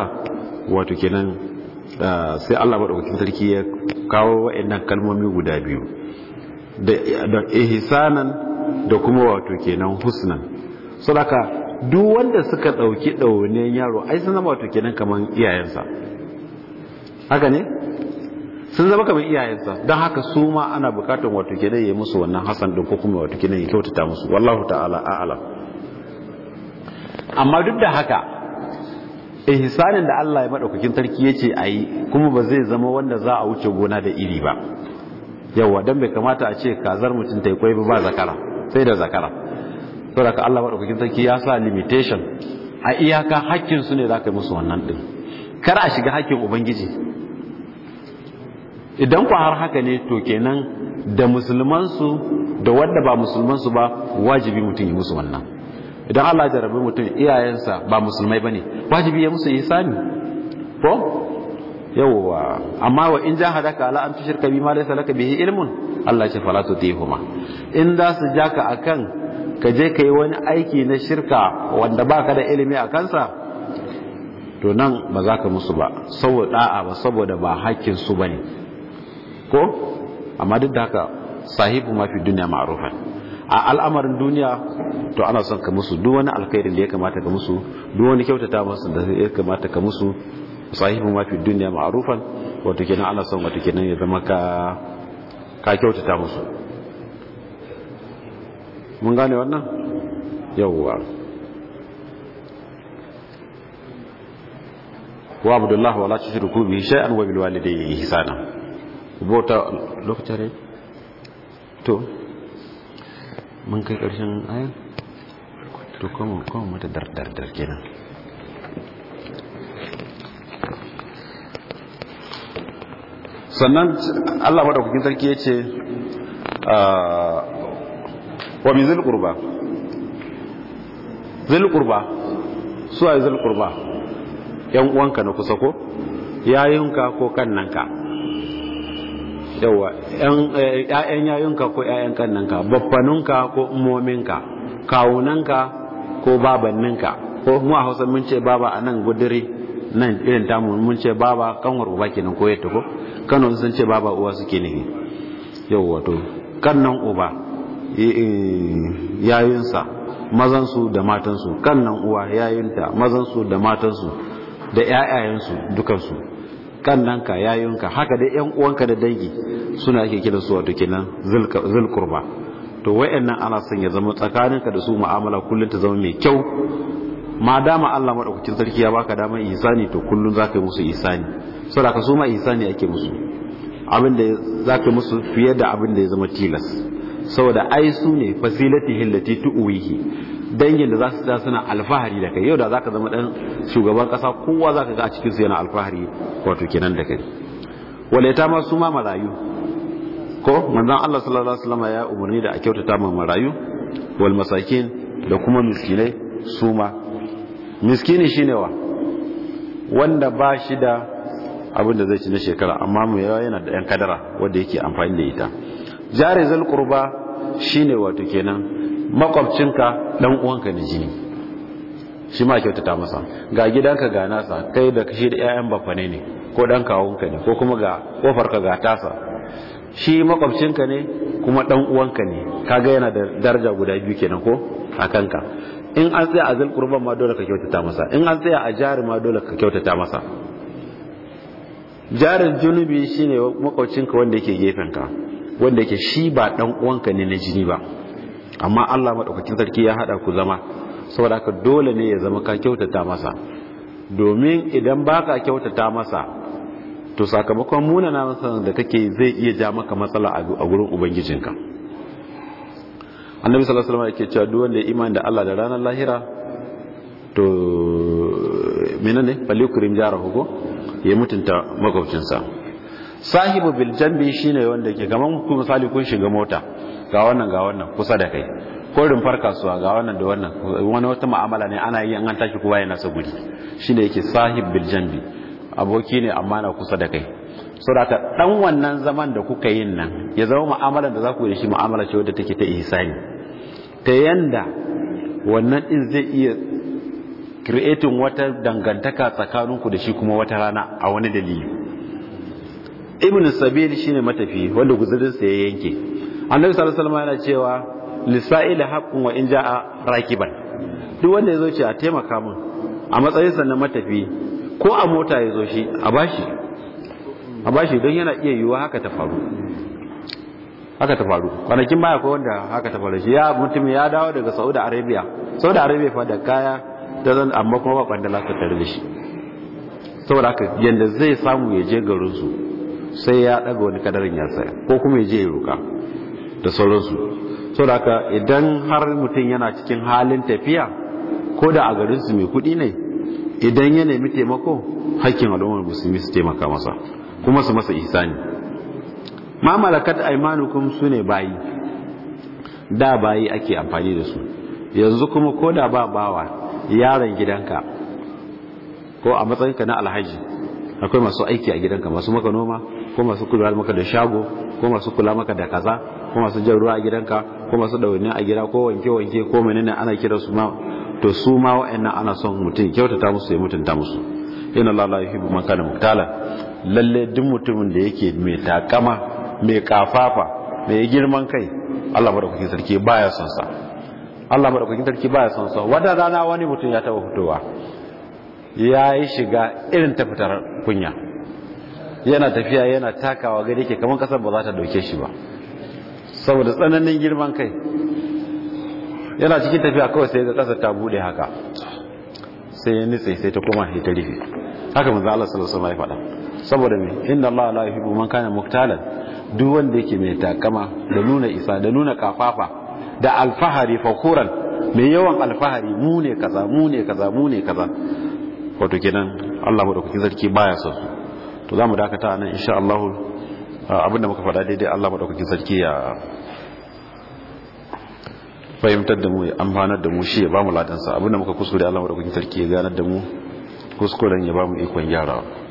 wato kenan ah, sai Allah madaukakin sarki ya kawo wayannan kalmomi guda biyu da ihsanan da kuma wato kenan husnan sadaka duk wanda suka dauki dauniyar yaro ai sun zama wato kenan kaman iyayensa haka ne sun zama kamar iyayensa don haka su ma ana bukatar wato kenan ya musu wannan hasan din ko kuma wato kenan ya kyautata musu wallahu ta'ala a'ala amma duk da haka ihsanin da Allah ya madaukakin sarki yace ayi kuma ba zai zama wanda za a wuce gona da iri ba yawa dan bai kamata a ce kazar mutum ta kwai ba zakara sai da zakara saboda ka Allah madaukakin sarki ya sa limitation a iyaka hakkin su ne zaka yi musu wannan din kar a shiga hakkin ubangiji idan ku har haka ne to kenan da musulman su da wanda ba musulman su ba wajibi mutum yi musu wannan idan Allah ya jarabi mutum iyayensa ba musulmai bane wajibi ya musu ihsani ko yawwa amma wa in jahadaka ala an bi ma laysa laka bihi ilmun Allah ya ce fala tihuma in da su jaka akan ka je kai wani aiki na shirka wanda baka da ilimi a kansa to nan ba za ka musu ba saboda da'a ba saboda ba hakkin su bane ko amma duk da haka sahibu ma fi duniya ma'rufan a al'amarin duniya to ana son ka musu duk wani alkhairin da ya kamata ka musu duk wani kyautata musu da ya kamata ka musu sahibu mafi duniya ma'arufan wato kenan ana son wato kenan ya zama ka ka kyautata musu mun gane wannan yawwa wa abdullah wala tushriku bi shay'an wa bil walidayhi ihsana bota lokacin to mun kai ƙarshen ayan to kuma kuma mata dar kenan sannan Allah madaukakin sarki ya ce ah, wa min zil qurba zil qurba su ay zil qurba yan uwanka na kusa ko yayinka ko kannanka yawa eh, ‘ya'yan yayunka ko ‘ya'yan kannanka baffanunka ko umominka kawunanka ko babanninka ko mu a hausa mun ce baba a nan guduri nan irin tamu mun ce baba kanwar uba kenan ko yadda ko kano sun ce baba uwa suke ne yawa to kannan uba yayunsa mazansu da matansu kannan uwa yayunta mazansu da matansu da ‘ya'yayensu dukansu kannanka yayunka haka dai yan uwanka da dangi suna ake kiran su wato kenan zulkurba to wayannan ana son ya zama tsakaninka da su mu'amala kullun ta zama mai kyau ma dama Allah madaukakin sarki ya baka damar ihsani to kullun zaka yi musu ihsani saboda ka su ma ihsani ake musu abin da zaka musu fiye da abin da ya zama tilas saboda ai sune ne fasilati hillati tuwihi dangin da za su tsaya suna alfahari da kai yau da za ka zama ɗan shugaban ƙasa kowa za ka ga a su yana alfahari wato kenan da kai wale ma masu ma marayu ko manzan Allah sallallahu alaihi wasallam ya umarni da a kyautata ma marayu wal masakin da kuma miskinai su ma miskini shine wa wanda ba shi da abin da zai ci na shekara amma mu yawa yana da yan kadara wanda yake amfani da ita jari qurba shine wato kenan makwabcinka dan uwanka na jini shi ma kyautata masa ga gidanka ga nasa kai da kashi da 'ya'yan bafane ne ko dan kawunka ne ko kuma ga kofarka ga tasa shi makwabcinka ne kuma dan uwanka ne kaga yana da daraja guda biyu kenan ko a kanka in an tsaya a zil qurban ma dole ka kyautata masa in an tsaya a jari ma dole ka kyautata masa jarin junubi shine makwabcinka wanda yake gefenka wanda yake shi ba dan uwanka ne na jini ba amma Allah maɗaukacin sarki ya haɗa ku zama saboda haka dole ne ya zama ka kyautata masa domin idan baka kyautata masa to sakamakon muna na masa da kake zai iya ja maka matsala a gurin ubangijinka annabi sallallahu alaihi wasallam yake cewa duk wanda ya imani da Allah da ranar lahira to menene falyukrim jarahu ko ya mutunta makwabcinsa sahibu bil janbi shine wanda ke, kaman misali kun shiga mota ga wannan ga wannan kusa da kai ko rumfar kasuwa ga wannan da wannan wani wata ma'amala ne ana yi an tashi kowa yana nasa guri shine yake sahib bil janbi aboki ne amma na kusa da kai saboda dan wannan zaman da kuka yin nan ya zama mu'amalar da za ku yi shi mu'amala ce wadda take ta ihsani ta yanda wannan din zai iya creating wata dangantaka tsakanin ku da shi kuma wata rana a wani dalili ibn sabil shine matafi wanda guzurinsa ya yanke annabi sallallahu alaihi yana cewa lisa'ila haqqun wa in ja'a rakiban duk wanda yazo ce a taimaka min a matsayin sa na matafi ko a mota yazo shi a bashi a bashi don yana iya yiwa haka ta faru haka ta faru kwanakin baya ko wanda haka ta faru shi ya mutum ya dawo daga Saudi Arabia Saudi Arabia fa da kaya da zan amma kuma ba kwandala ta tare da shi saboda haka yanda zai samu ya je garin su sai ya daga wani kadarin ya saya ko kuma ya je ya roka da sauransu so da haka idan har mutum yana cikin halin tafiya ko da a garinsu mai kuɗi ne idan ya nemi taimako hakkin al'ummar musulmi su taimaka masa kuma su masa ihsani ma malakat aimanukum su ne bayi da bayi ake amfani da su yanzu kuma ko da ba bawa yaron gidanka ko a matsayinka na alhaji akwai masu aiki a gidanka masu maka noma ko masu kula maka da shago ko masu kula maka da kaza ko masu jan ruwa a gidanka ko masu ɗawainiya a gida ko wanke wanke ko menene ana kira su ma to su ma wa'annan ana son mutum kyautata musu ya mutunta musu inna allaha la yuhibbu man kana muktala lalle duk mutumin da yake mai takama mai kafafa mai girman kai Allah madaukakin sarki baya son sa Allah madaukakin sarki baya son sa wanda rana wani mutum ya taba fitowa ya yi shiga irin ta fitar kunya yana tafiya yana takawa gari ke kamar kasar ba za ta dauke shi ba saboda tsananin girman kai yana cikin tafiya kawai sai da kasar ta bude haka sai ya nitsai sai ta koma ta rufe haka manzo Allah sallallahu alaihi wasallam saboda me inna Allah la yuhibbu man kana muktalan duk wanda yake mai takama da nuna isa da nuna kafafa da alfahari fakuran mai yawan alfahari mu ne kaza mu ne kaza mu ne kaza wato kenan Allah madaukakin sarki baya so to za mu dakata nan insha Allah abinda muka faɗa daidai Allah maɗaukakin sarki ya fahimtar da mu ya amfanar da mu shi ya ba mu ladansa abinda muka kuskure Allah maɗaukakin sarki ya ganar da mu kuskuren ya ba mu ikon gyarawa